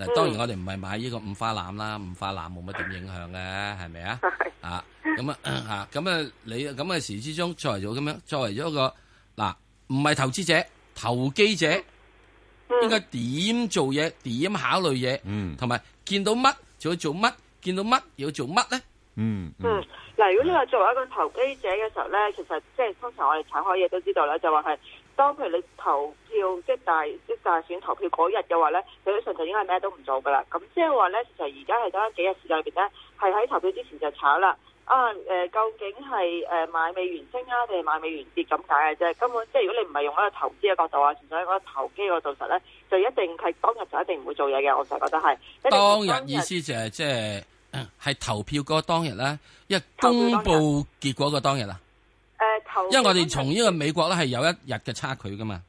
當當然我哋唔係買呢個五花腩啦，五花腩冇乜點影響嘅，係咪 [laughs] 啊？啊，咁啊咁啊，啊你咁嘅時之中，作為咗咁樣作為咗一個嗱，唔係投資者，投機者，嗯、應該點做嘢？點考慮嘢、嗯嗯？嗯，同埋見到乜就要做乜，見到乜要做乜咧？嗯嗯，嗱，如果你話作為一個投機者嘅時候咧，嗯、其實即、就、係、是、通常我哋炒開嘢都知道啦，就話係當譬如你投。即係大即係大選投票嗰日嘅話咧，理論上就應該咩都唔做噶啦。咁即係話咧，其實而家係得幾日時間裏邊咧，係喺投票之前就炒啦。啊誒、呃，究竟係誒、呃、買美元升啊，定係買美元跌咁解嘅啫。根本即係如果你唔係用一個投資嘅角度啊，純粹個投機個角度實咧，就一定係當日就一定唔會做嘢嘅。我成日覺得係。當日，當日意思就係即係係投票嗰個當日咧，一公布結果嘅當日啊。誒、呃，投因為我哋從呢個美國咧係有一日嘅差距噶嘛。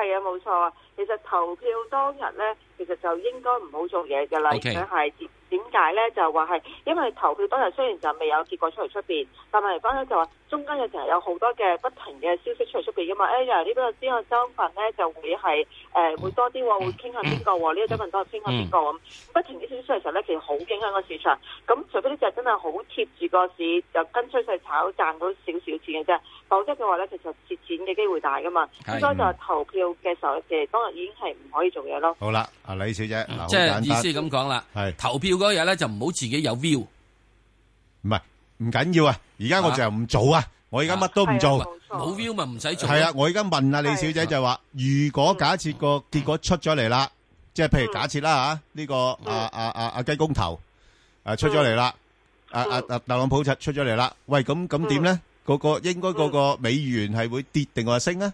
係啊，冇錯啊。其實投票當日呢，其實就應該唔好做嘢噶啦，想孩係。點解咧？就話係因為投票當日雖然就未有結果出嚟出面，但係嚟講咧就話中間時候有成日有好多嘅不停嘅消息出嚟出面嘅嘛。哎呀，這邊呢邊有邊個州份咧就會係誒、呃、會多啲喎、哦，會傾向邊、啊、 [coughs] 個喎？呢個州份都係傾向邊個咁？ [coughs] 不停嘅消息出嚟時候咧，其實好影響個市場。咁除非呢只真係好貼住個市，就跟出去炒賺到少少錢嘅啫，否則嘅話咧，其實蝕錢嘅機會大嘅嘛。應該是就係投票嘅時候，其實當日已經係唔可以做嘢咯。好啦，阿李小姐，即係意思咁講啦，係投票。嗰日咧就唔好自己有 view，唔係唔緊要啊！而家我就唔做啊！我而家乜都唔做，冇 view 咪唔使做。係啊！我而家問下李小姐就係話：如果假設個結果出咗嚟啦，即係譬如假設啦吓，呢個啊啊啊阿雞公頭啊出咗嚟啦，啊啊特朗普出出咗嚟啦，喂咁咁點咧？嗰個應該嗰個美元係會跌定話升啊？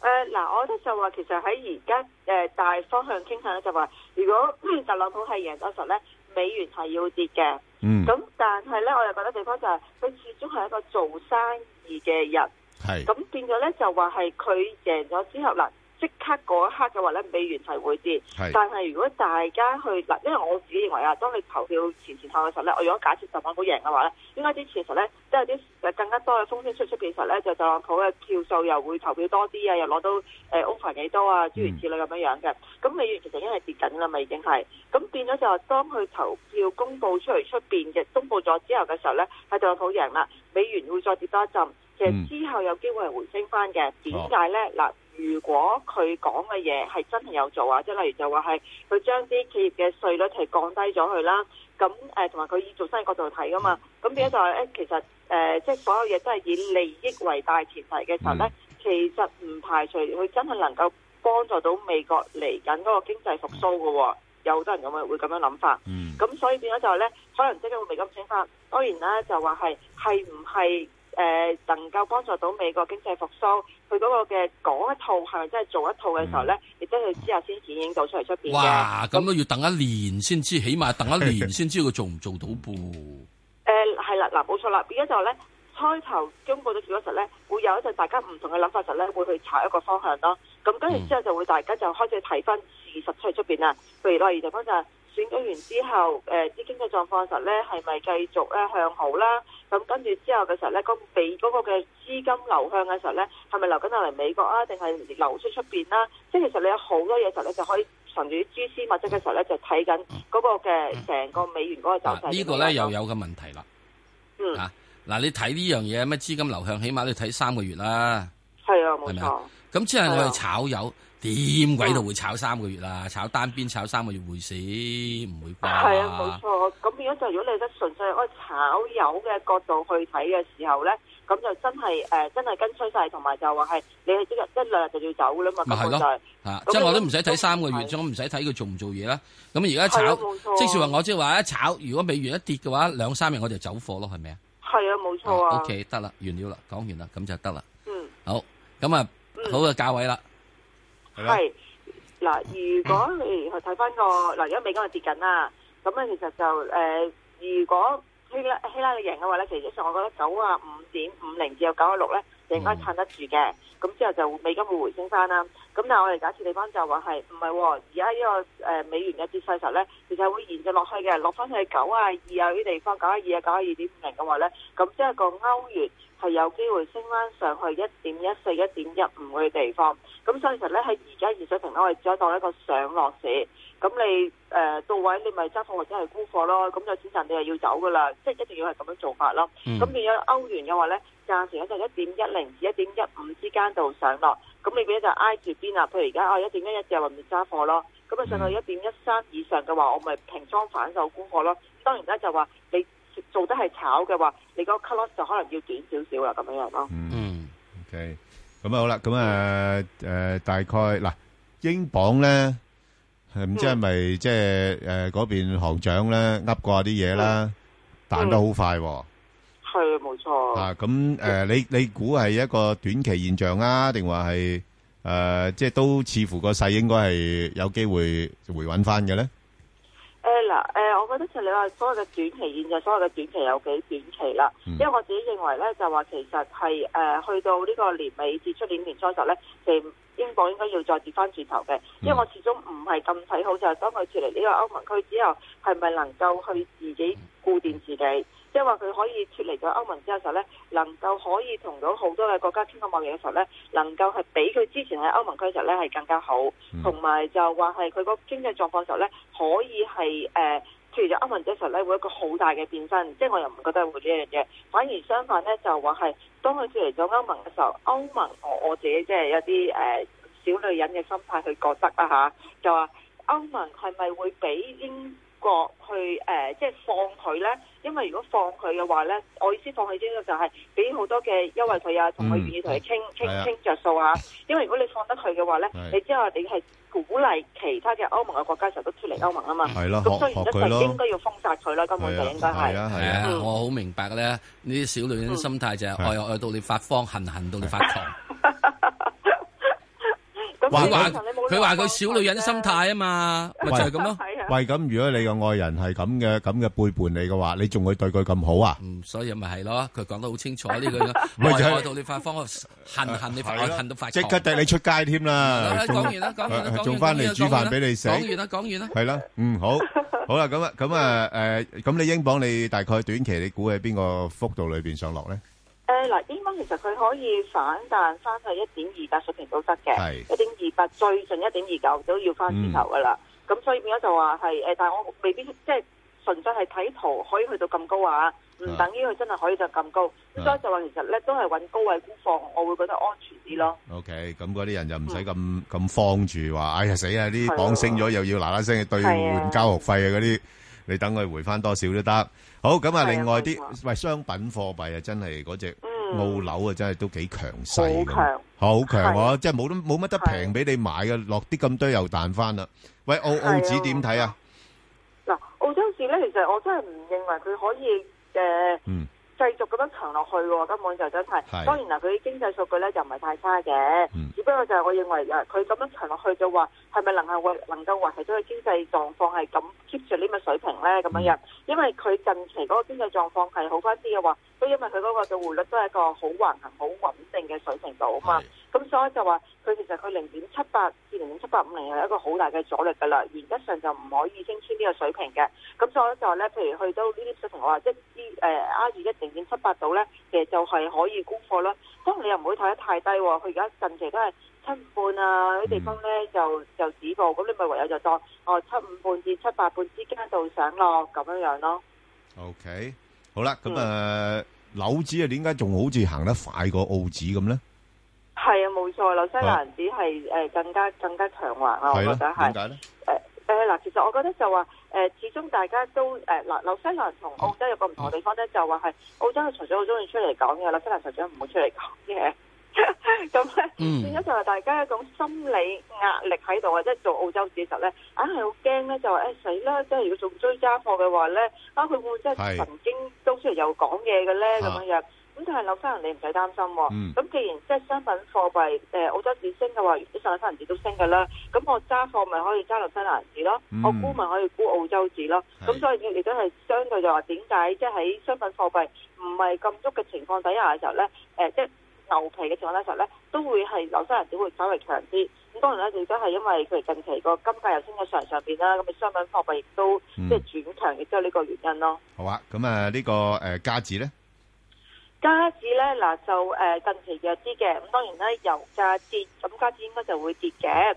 誒，嗱，我覺得就話其實喺而家誒大方向傾向咧就話，如果特朗普係贏咗實咧。美元係要跌嘅，咁、嗯、但係咧，我又覺得地方就係、是、佢始終係一個做生意嘅人，係咁是變咗咧就話係佢贏咗之後啦。即刻嗰一刻嘅話咧，美元係會跌。是但係如果大家去嗱，因為我自己認為啊，當你投票前前後嘅時候咧，我如果假設特朗普贏嘅話咧，應該啲前其實咧，即係啲更加多嘅風聲出出嘅時候咧，就特朗普嘅票數又會投票多啲啊，又攞到誒、呃、over 幾多啊，諸如此類咁樣樣嘅。咁、嗯、美元其實因係跌緊噶嘛，已經係咁變咗就係當佢投票公布出嚟出邊嘅公布咗之後嘅時候咧，係特朗普贏啦，美元會再跌多一浸。嗯、其實之後有機會係回升翻嘅。點解咧嗱？哦如果佢講嘅嘢係真係有做啊，即係例如就話係佢將啲企業嘅稅率係降低咗佢啦，咁誒同埋佢以做生意角度睇噶嘛，咁變咗就係誒其實誒即係所有嘢都係以利益為大前提嘅時候咧，嗯、其實唔排除佢真係能夠幫助到美國嚟緊嗰個經濟復甦嘅喎，有好多人咁樣會咁樣諗法。咁、嗯、所以變咗就係咧，可能即係會未咁升翻。當然啦，就話係係唔係？誒、呃，能夠幫助到美國經濟復甦，佢嗰個嘅講一套係咪真係做一套嘅時候咧，亦都要之後先展現到出嚟出邊嘅。哇，咁都要等一年先知，起碼等一年先知佢做唔做到噃。誒、嗯，係、嗯呃啊、啦，嗱，冇錯啦，而家就咧，開頭經過咗幾多時咧，會有一陣大家唔同嘅諗法時咧，會去查一個方向咯。咁跟住之後就會大家就開始睇返事實出嚟出邊啊，譬如例如就嗰、是、就。選完之後，誒，資金嘅狀況實咧係咪繼續咧向好啦？咁跟住之後嘅時候咧，嗰筆嗰個嘅資金流向嘅時候咧，係咪流緊落嚟美國啊？定係流出出邊啦？即係其實你有好多嘢嘅時候咧，就可以順住啲蛛絲馬迹嘅時候咧，就睇緊嗰個嘅成個美元嗰、啊這個走勢。呢個咧又有個問題啦。嗯。吓，嗱，你睇呢樣嘢咩資金流向？起碼你要睇三個月啦。係啊，冇錯。咁即係我哋炒油。點鬼都會炒三個月啦。炒單邊炒三個月會死唔會？係啊，冇錯。咁變咗，就如果你得純粹按炒油嘅角度去睇嘅時候咧，咁就真係誒、呃，真係跟趨勢，同埋就話係你一日一兩日就要走啦嘛。咪係咯，即係我都唔使睇三個月，即我唔使睇佢做唔做嘢啦。咁而家炒，啊、即係話我即係話一炒，如果美元一跌嘅話，兩三日我就走貨咯，係咪啊？係啊，冇錯、啊。O K，得啦，完料啦，講完啦，咁就得啦。嗯。好，咁啊，嗯、好嘅價位啦。係，嗱，如果你去睇翻個，嗱，而家美金係跌緊啦，咁咧其實就誒、呃，如果。希拉希拉里贏嘅話咧，其實上我覺得九啊五點五零至到九啊六咧，就應該撐得住嘅。咁之、嗯、後就美金會回升翻啦。咁但係我哋假設地方就話係唔係喎？而家呢個誒美元嘅跌勢實咧，其實會延續落去嘅，落翻去九啊二啊啲地方，九啊二啊九啊二點五零嘅話咧，咁即係個歐元係有機會升翻上去一點一四、一點一五嘅地方。咁所以其實咧喺而家現在水平咧，我哋只係當一個上落市。咁你誒、呃、到位，你咪揸貨或者係沽貨咯。咁有錢賺，你係要走噶啦，即係一定要係咁樣做法咯。咁變咗歐元嘅話咧，價錢喺就一點一零至一點一五之間度上落。咁你變咗就挨住邊啊？譬如而家哦，一點一一就話咪揸貨咯。咁啊，上到一點一三以上嘅話，我咪平倉反手沽貨咯。當然咧，就話你做得係炒嘅話，你嗰個 cut loss 就可能要短少少啦，咁、嗯、樣樣咯。嗯，OK，咁啊好啦，咁啊誒大概嗱，英鎊咧。唔知係咪即係誒嗰邊行長咧噏過啲嘢啦，彈得好快。係啊，冇錯。吓，咁誒，你你估係一個短期現象啊？定話係誒，即係都似乎個勢應該係有機會回穩翻嘅咧？誒，嗱，誒，我覺得其實你話所謂嘅短期現象，所謂嘅短期有幾短期啦？因為我自己認為咧，就話其實係誒，去到呢個年尾至出年年初時咧，其英鎊應該要再跌翻轉頭嘅，因為我始終唔係咁睇好，就係、是、當佢脱離呢個歐盟區之後，係咪能夠去自己固定自己？即係話佢可以脱離咗歐盟之後嘅時候呢，能夠可以同到好多嘅國家傾過貿易嘅時候呢，能夠係比佢之前喺歐盟區嘅時候呢係更加好，同埋、嗯、就話係佢個經濟狀況嘅時候呢，可以係誒。呃譬如做歐盟嘅時候咧，會有一個好大嘅變身，即係我又唔覺得會呢樣嘢，反而相反咧就話係當佢出嚟咗歐盟嘅時候，歐盟，我我自己即係有啲誒小女人嘅心態去覺得啦嚇，就話歐盟係咪會俾英？個去誒，即係放佢咧。因為如果放佢嘅話咧，我意思放佢呢個就係俾好多嘅優惠佢啊，同佢願意同佢傾傾傾着數啊。因為如果你放得佢嘅話咧，你之後你係鼓勵其他嘅歐盟嘅國家就都脫離歐盟啊嘛。係咯，咁所以應該要封殺佢啦，根本就應該係咯。係啊係啊，我好明白嘅咧，呢啲小女人心態就係愛愛到你發慌，恨恨到你發狂。佢話佢小女人心態啊嘛，咪就係咁咯。喂，咁如果你嘅愛人係咁嘅咁嘅背叛你嘅話，你仲會對佢咁好啊？嗯，所以咪係咯，佢講得好清楚呢句。咪就係同你發方，恨唔恨你？恨到快即刻踢你出街添啦！講完啦，講完，仲翻嚟煮飯俾你食。講完啦，講完啦，係啦，嗯，好，好啦，咁啊，咁啊，誒，咁你英鎊你大概短期你估喺邊個幅度裏邊上落咧？誒，嗱，英鎊其實佢可以反彈翻去一點二八水平都得嘅，一點二八最盡一點二九都要翻轉頭噶啦。咁所以變咗就話係誒，但係我未必即係純粹係睇圖可以去到咁高啊，唔等於佢真係可以就咁高。咁所以就話其實咧都係揾高位沽貨，我會覺得安全啲咯。OK，咁嗰啲人就唔使咁咁慌住話，哎呀死啊！啲磅升咗又要嗱嗱聲去兌換交學費啊嗰啲，你等佢回翻多少都得。好，咁啊另外啲喂商品貨幣啊真係嗰隻。澳樓啊，真係都幾強勢㗎，好強，好強喎！即係冇都冇乜得平俾你買嘅，落啲咁多又彈翻啦。喂，澳澳紙點睇啊？嗱，澳洲市咧，其實我真係唔認為佢可以呃。嗯。繼續咁樣強落去，哦，根本就真係。是當然啦，佢經濟數據咧就唔係太差嘅，嗯、只不過就係我認為誒，佢咁樣強落去就話係咪能係維能夠維持到佢經濟狀況係咁 keep 住呢個水平咧？咁樣、嗯、樣，因為佢近期嗰個經濟狀況係好翻啲嘅話，都因為佢嗰個嘅匯率都係一個好橫行、好穩定嘅水平度啊嘛。咁是所以就話佢其實佢零點七八至零點七八五零係一個好大嘅阻力㗎啦，原則上就唔可以升穿呢個水平嘅。咁所以就話咧，譬如去到呢啲水平，我話一啲誒，r 二一。零點七八度咧，其實就係可以沽貨啦。當然你又唔會睇得太低喎。佢而家近期都係七五半啊，啲地方咧就就止步。咁你咪唯有就當哦七五半至七八半之間度上落咁樣樣咯。OK，好啦，咁、嗯、啊，紐紙啊點解仲好似行得快過澳紙咁咧？係啊，冇錯，紐西蘭紙係誒更加更加強橫啊，我覺得係。點解咧？誒嗱、呃，其實我覺得就話，誒、呃、始終大家都誒，嗱、呃、紐西蘭同 oh. Oh. 澳洲有個唔同嘅地方咧，說話 [laughs] 呢 mm. 就話係澳洲嘅財長好中意出嚟講嘅，紐西蘭財長唔好出嚟講嘅，咁咧變咗就話大家一種心理壓力喺度啊，即、就、係、是、做澳洲事嘅呢，咧、啊，硬係好驚咧，就話誒、哎、死啦，即係如果做追加貨嘅話咧，啊佢會唔會即係曾經都出嚟有講嘢嘅咧咁樣樣？Uh. 咁但係紐西蘭你唔使擔心、啊，咁、嗯、既然即係商品貨幣，誒澳洲紙升嘅話，如果紐西蘭紙都升嘅啦，咁我揸貨咪可以揸紐西蘭紙咯，嗯、我沽咪可以沽澳洲紙咯。咁是所以亦都係相對就話，點解即係喺商品貨幣唔係咁足嘅情況底下嘅時候咧，誒即係牛皮嘅情況下嘅時候咧，都會係紐西蘭紙會稍微強啲。咁當然啦，亦都係因為佢近期個金價又升咗上上邊啦，咁嘅商品貨幣亦都即係轉強，亦都係呢個原因咯。好啊，咁啊、這個呃、呢個誒加紙咧？加紙咧，嗱，就誒近期弱啲嘅，咁當然咧，油價跌，咁加紙應該就會跌嘅。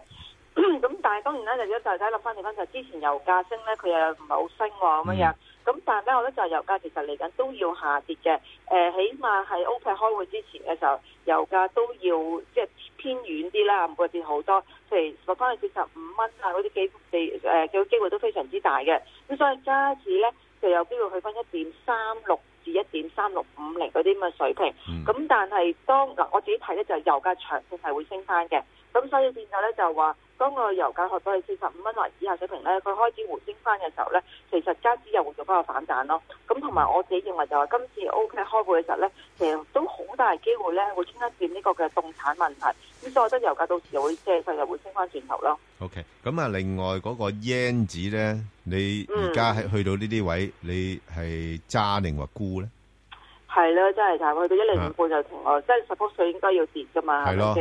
咁 [coughs] 但係當然呢，就如果大家諗翻嚟翻就之前油價升咧，佢又唔係好升喎咁樣。咁麼、嗯、但係咧，我覺得就係油價其實嚟緊都要下跌嘅。誒、呃，起碼係 OPEC 開會之前嘅時候，油價都要即係、就是、偏遠啲啦，唔會跌好多。譬如落翻去四十五蚊啊，嗰啲機率、呃、機會都非常之大嘅。咁所以加紙咧就有機會去翻一點三六。至一點三六五零嗰啲咁嘅水平，咁但係當嗱我自己睇咧，就係油價長期係會升翻嘅，咁所以變咗咧就話。 [noise] [noise] [noise] 當個油價學到係四十五蚊為以下水平咧，佢開始回升翻嘅時候咧，其實加指又會做翻個反彈咯。咁同埋我自己認為就話今次 OPEC 開會嘅時候咧，其實都好大機會咧會傾一線呢個嘅凍產問題。咁所以我覺得油價到時會即係就又會，又會回升翻轉頭咯。O K，咁啊，另外嗰個日圓咧，你而家係去到呢啲位，嗯、你係揸定或沽咧？係咯，真係但係去到一零五半就停落，即係十幅水應該要跌㗎嘛。係咯，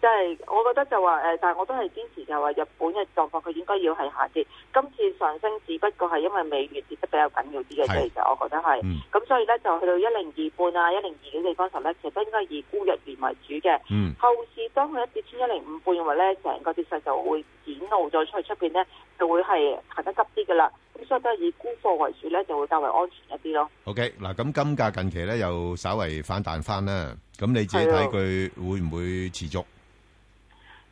即係我覺得就話但我都係堅持就話日本嘅狀況佢應該要係下跌。今次上升只不過係因為美元跌得比較緊要啲嘅啫，其實我覺得係。咁、嗯、所以咧就去到一零二半啊，一零二嘅地方時候咧，其實應該以沽日元為主嘅。嗯、後市當佢一跌穿一零五半，嘅話咧成個跌勢就會。短露再出去出邊咧，就會係行得急啲嘅啦。咁所以都係以沽貨為主咧，就會較為安全一啲咯。OK，嗱，咁金價近期咧又稍為反彈翻啦。咁你自己睇佢會唔會持續？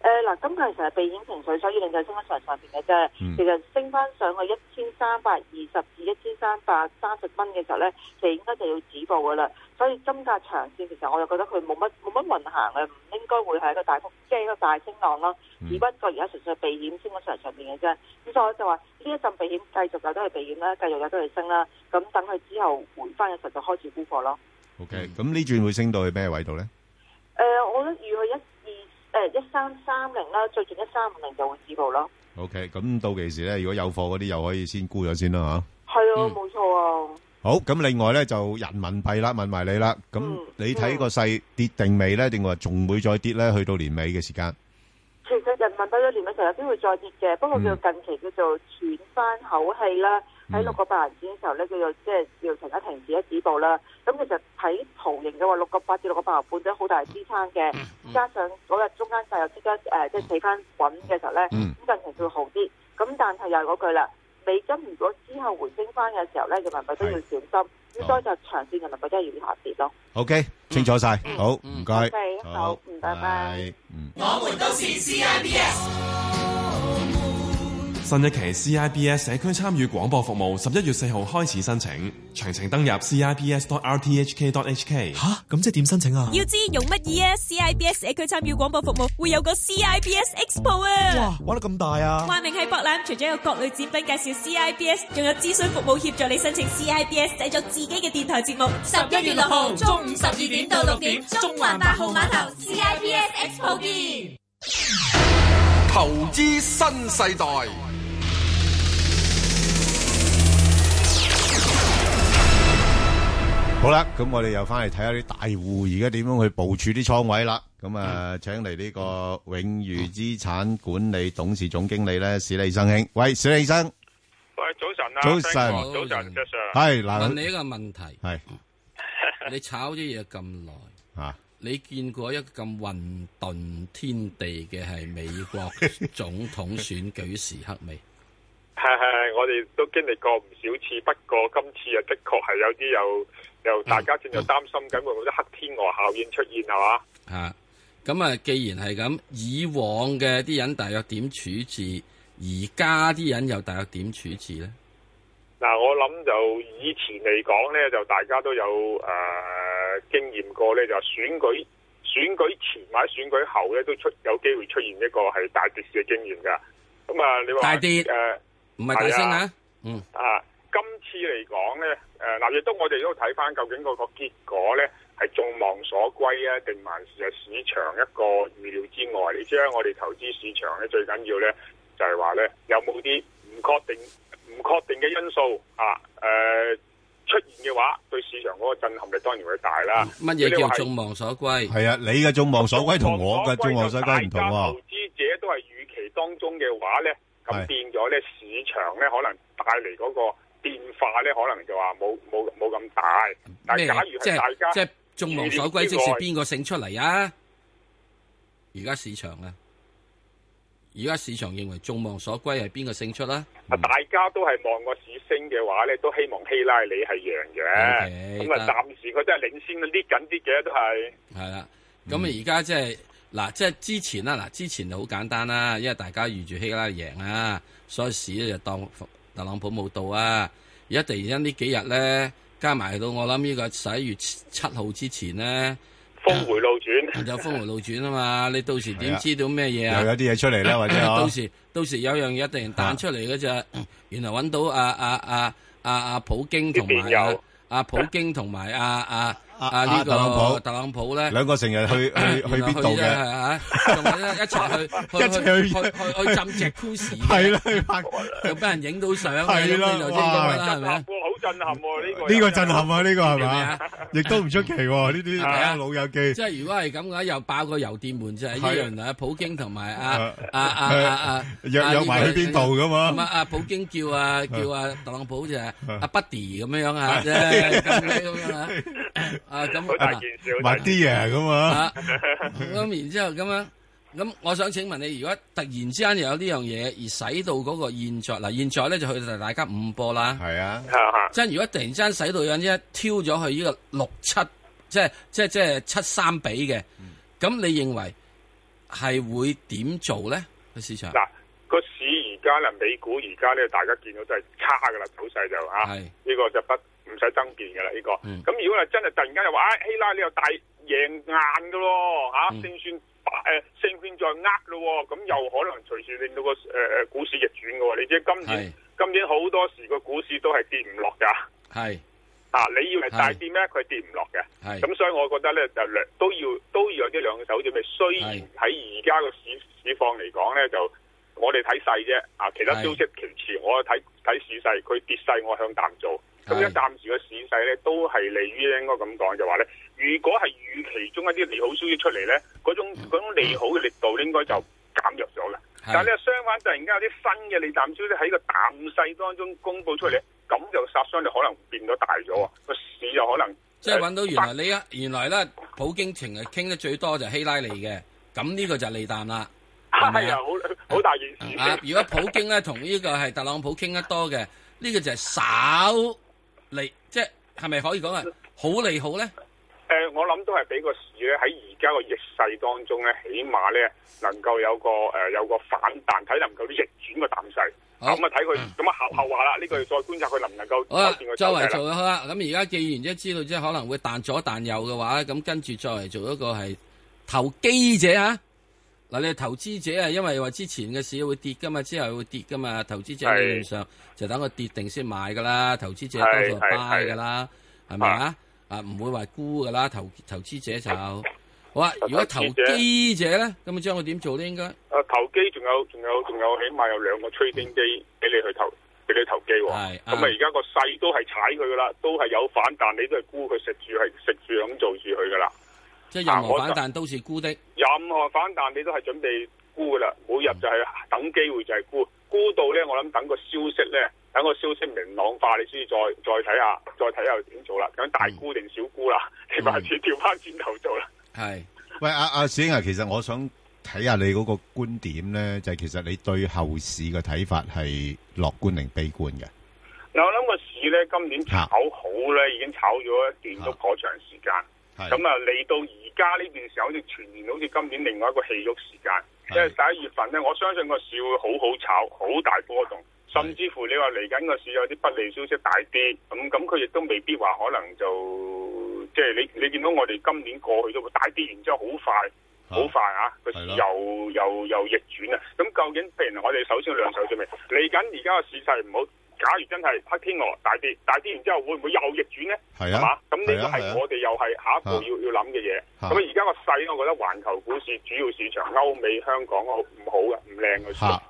誒，嗱、嗯，金價其實係避險情緒，所以令到升翻上上邊嘅啫。其實升翻上去一千三百二十至一千三百三十蚊嘅時候咧，就應該就要止步噶啦。所以金價長線其實我又覺得佢冇乜冇乜運行嘅，唔應該會係一個大幅即係一個大升浪咯。只不過而家純粹係避險升翻上上邊嘅啫。咁所以我就話呢一陣避險繼續又都係避險啦，繼續又都係升啦。咁等佢之後回翻嘅時候就開始沽貨咯。O K. 咁呢轉會升到去咩位度咧？誒，我覺得預去一誒，一三三零啦，最近一三五零就會止步咯。OK，咁到期時咧，如果有貨嗰啲又可以先沽咗先啦吓。係啊，冇錯啊。好，咁另外咧就人民幣啦，問埋你啦。咁你睇個勢跌定未咧，定話仲會再跌咧？去到年尾嘅時間。其實人民幣到年尾就未必會再跌嘅，不過叫近期叫做喘翻口氣啦。喺六個八分點嘅時候咧，佢就即、是、係要突一停止一止，止步啦。咁其實睇圖形嘅話，六個八至六個八毫半都好大支撐嘅。加上嗰日中間勢又即刻誒，即係起翻滾嘅時候咧，咁陣情就會好啲。咁但係又係嗰句啦，美金如果之後回升翻嘅時候咧，人民幣都要小心。是應該就長線人民幣真係要下跌咯。OK，清楚晒。好，唔該，好，唔該，拜，拜，嗯，我們都是 C I B S，嗯。新一期 CIBS 社區參與廣播服務十一月四號開始申請，詳情登入 CIBS.RTHK.HK。吓，咁即係點申請啊？要知用乜嘢啊？CIBS 社區參與廣播服務會有個 CIBS Expo 啊！哇，玩得咁大啊！話明係博覽，除咗有各類展品介紹，CIBS 仲有諮詢服務協助你申請 CIBS 製作自己嘅電台節目。十一月六號中午十二點到六點，中環八號碼頭 CIBS Expo 見。投資新世代。好啦，咁我哋又翻嚟睇下啲大戶而家點樣去部署啲倉位啦。咁啊，請嚟呢個永裕資產管理董事總經理咧，史利生兄。喂，史利生。喂，早晨啊，早晨，早晨，早晨。係嗱，問你一個問題。係。你炒咗嘢咁耐，啊，你見過一咁混沌天地嘅係美國總統選舉時刻未？係係，我哋都經歷過唔少次，不過今次啊的確係有啲又有大家正在擔心緊，會唔會啲黑天鵝效應出現係嘛？吓，咁 [noise] 啊，既然係咁，以往嘅啲人大約點處置，而家啲人又大約點處置咧？嗱，我諗就以前嚟講咧，就大家都有誒、呃、經驗過咧，就是、選舉選舉前、或者選舉後咧都出有機會出現一個係大跌市嘅經驗噶。咁、嗯、啊，你話大啲。誒。唔係提升啊！啊嗯啊，今次嚟講咧，誒、呃，嗱亦都我哋都睇翻究竟嗰個結果咧，係眾望所歸啊，定還是市場一個預料之外？你知啦，我哋投資市場咧最緊要咧就係話咧有冇啲唔確定、唔確定嘅因素啊？誒、呃，出現嘅話，對市場嗰個震撼力當然會大啦。乜嘢叫眾望所歸？係啊，你嘅眾望所歸同我嘅眾望所歸唔同啊！投資者都係預期當中嘅話咧。咁是變咗咧，市場咧可能帶嚟嗰個變化咧，可能就話冇冇冇咁大。但係假如係大家即眾望所歸，即是邊個勝出嚟啊？而家外市場呢、啊，而家市場認為眾望所歸係邊個勝出啦？啊，啊嗯、大家都係望個市升嘅話咧，都希望希拉里係贏嘅。咁啊，暫時佢都係領先啲緊啲嘅，都係。係啦，咁啊、就是，而家即係。嗱，即係之前啦，嗱，之前就好簡單啦，因為大家預住希拉拉贏啊，所以市咧就當特朗普冇到啊。而家突然間幾呢幾日咧，加埋到我諗呢個十一月七號之前咧，峰回路轉，啊、就峰回路轉啊嘛！你到時點知道咩嘢啊？又有啲嘢出嚟呢，或者 [coughs] 到時到時有樣嘢突然彈出嚟嗰隻，的原來揾到啊啊啊啊阿普京同埋阿普京同埋啊啊啊！呢特朗普，特朗普咧，兩個成日去去去邊度嘅？仲係一齊去，一齊去去去浸隻 pool 屎，係啦，又俾人影到相，係咯，又影到個燈泡好。震撼喎，呢個呢個震撼啊，呢個係咪？亦都唔出奇喎，呢啲睇下老友記。即係如果係咁嘅話，又爆個郵電門就係依樣啊！普京同埋啊啊啊啊約約埋去邊度咁啊？咁啊！普京叫啊叫啊特朗普就係阿 Buddy 咁樣樣啊啫，咁樣啊啊咁啊，埋啲嘢咁啊。咁然之後咁樣。咁我想請問你，如果突然之間又有呢樣嘢，而使到嗰個現在嗱，現在咧就去到大家五波啦。係啊，真如果突然之間使到樣一挑咗去呢個六七，即係即係即係七三比嘅，咁、嗯、你認為係會點做咧？個市場嗱，個市而家啦，美股而家咧，大家見到真係差噶啦，走勢就啊，呢是個就不唔使爭辯噶啦，呢、這個咁、嗯、如果話真係突然間又話，哎、啊、希拉呢又大贏硬噶咯嚇，勝、啊、算。嗯白誒，勝券在握咯，咁又可能隨時令到個誒股市逆轉㗎喎。你知今年是今年好多時個股市都係跌唔落㗎。係啊是，你要係大跌咩？佢跌唔落嘅。係咁是，所以我覺得咧就都要都要有啲兩手，即係雖然喺而家個市市況嚟講咧，就我哋睇細啫。啊，其他消息其次，我睇睇市勢，佢跌勢我向淡做。咁一是暫時個市勢咧都係利於，應該咁講就話咧。如果係預期中一啲利好消息出嚟咧，嗰種嗰種利好嘅力度應該就減弱咗啦。的但係咧相反，突然間有啲新嘅利淡消息喺個淡勢當中公布出嚟，咁就殺傷力可能變咗大咗啊！個市就可能即係揾到原來你啊，發原來咧，普京情係傾得最多就係希拉里嘅，咁呢個就係利淡啦。係啊的嗎，好好的大件事的。如果普京咧同呢 [laughs] 個係特朗普傾得多嘅，呢、這個就係少利，即係係咪可以講係好利好咧？誒、呃，我諗都係俾個市咧喺而家個逆勢當中咧，起碼咧能夠有個誒、呃、有個反彈，睇能夠啲逆轉個膽勢。咁啊睇佢，咁啊、嗯、後後話啦，呢、這、句、個、再觀察佢能唔能夠。好啦，周圍做啦。咁而家既然即係知道即係可能會彈左彈右嘅話，咁跟住再嚟做一個係投機者呀。嗱、啊啊，你投資者呀，因為話之前嘅市會跌噶嘛，之後會跌噶嘛，投資者理論上就等佢跌定先買噶啦，投資者多數係 buy 噶啦，係咪吧啊？啊，唔會話沽噶啦，投投資者就好啦，啊。如果投機者咧，咁啊將佢點做咧？應該啊，投機仲有仲有仲有起碼有兩個吹風機俾你去投，俾你投機。係咁是啊！而家個勢都係踩佢噶啦，都係有反彈，你都係沽佢食住係食住咁做住佢噶啦。即係任何反彈都是沽的。我任何反彈你都係準備沽噶啦，每日就係、是、等機會就係沽。估到咧，我諗等個消息咧，等個消息明朗化，你先至再再睇下，再睇下做、嗯、點做啦？咁大沽定小沽啦？你翻轉，跳翻轉頭做啦？係，喂阿阿小英啊，其實我想睇下你嗰個觀點咧，就係、是、其實你對後市嘅睇法係樂觀定悲觀嘅？嗱，我諗個市咧今年炒好咧，已經炒咗一段都好長時間。咁啊，嚟到而家呢段時候，好似全年好似今年另外一個戲肉時間。即係十一月份咧，我相信個市會好好炒，好大波動，甚至乎你話嚟緊個市有啲不利消息大跌，咁咁佢亦都未必話可能就即係、就是、你你見到我哋今年過去都會大跌，然之後好快好快啊個市又的又又，又逆轉啊！咁究竟譬如我哋首先兩手準備嚟緊，而家個市勢唔好。假如真係黑天鵝大跌，大跌完之後會唔會又逆轉咧？係啊，咁呢個係我哋又係下一步要要諗嘅嘢。咁而家個勢，啊啊、我覺得環球股市主要市場歐美、香港唔好嘅，唔靚嘅。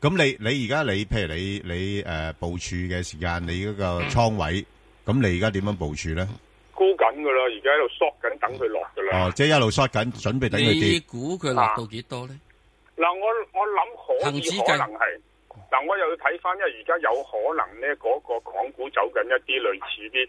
咁、啊、你你而家你譬如你你誒、呃，部署嘅時間，你嗰個倉位，咁、嗯、你而家點樣部署咧？沽緊噶啦，而家喺度縮緊，等佢落噶啦。哦，即係一路縮緊，準備等佢跌。你估佢落到幾多咧？嗱、啊，我我諗可以可能係。嗱、啊，我又要睇翻，因為而家有可能咧，嗰、那個港股走緊一啲類似啲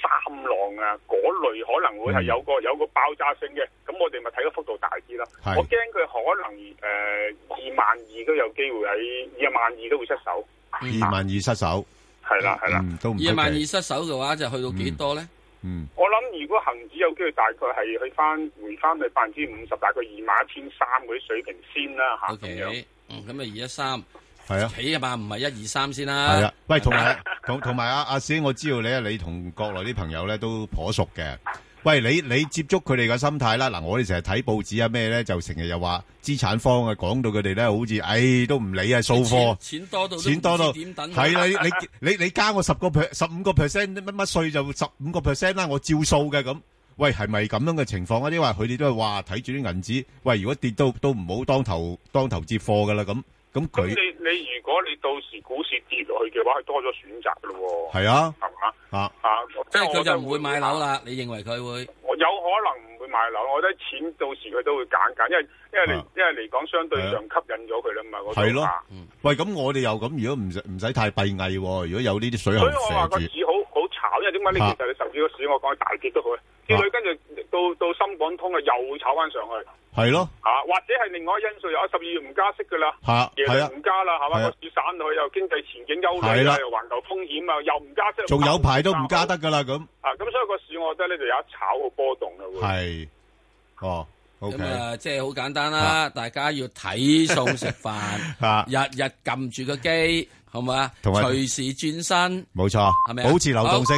三浪啊，嗰類可能會係有個、嗯、有個爆炸性嘅，咁我哋咪睇個幅度大啲囉。是我驚佢可能誒二萬二都有機會喺二萬二都會失手，二萬二失手係啦係啦，二萬二失手嘅話就去到幾多咧？嗯，我諗如果恒指有機會，大概係去翻回翻去百分之五十，大概二萬一千三嗰啲水平先啦吓咁樣。咁啊二一三。嗯係啊，起啊嘛，唔係一二三先啦。係啊，喂，同埋同同埋啊，阿師兄，我知道你啊，你同國內啲朋友咧都頗熟嘅。喂，你你接觸佢哋嘅心態啦，嗱，我哋成日睇報紙啊咩咧，就成日又話資產方啊，講到佢哋咧，好似唉都唔理啊，掃貨，錢多到，錢多到，點等係啦，你你你你加我十個 percent、十五個 percent 乜乜稅就十五個 percent 啦，我照數嘅咁。喂，係咪咁樣嘅情況啊？因為佢哋都係話睇住啲銀紙。喂，如果跌到都唔好當頭當頭接貨噶啦咁。咁佢，你你如果你到時股市跌落去嘅話，係多咗選擇喇咯喎。係啊，係嘛啊啊，即係佢就唔會買樓啦。你認為佢會？我有可能唔會買樓，我覺得錢到時佢都會揀揀，因為因為嚟因為嚟講相對上吸引咗佢啦嘛。我係咯，喂，咁我哋又咁，如果唔唔使太閉翳，如果有呢啲水。所以我話個市好好炒，因為點解你其實你甚至個市，我講大碟都好。跟住到到深港通啊，又會炒翻上去。係咯，吓，或者係另外一個因素，有喺十二月唔加息噶啦。吓，係啊，唔加啦，係嘛，個市散去，又經濟前景憂慮，又環球風險啊，又唔加息，仲有排都唔加得噶啦咁。啊，咁所以個市我覺得咧就有一炒嘅波動嘅會。係，哦，咁啊，即係好簡單啦，大家要睇餸食飯，日日撳住個機，好唔好啊？同埋隨時轉身，冇錯，係咪保持流動性。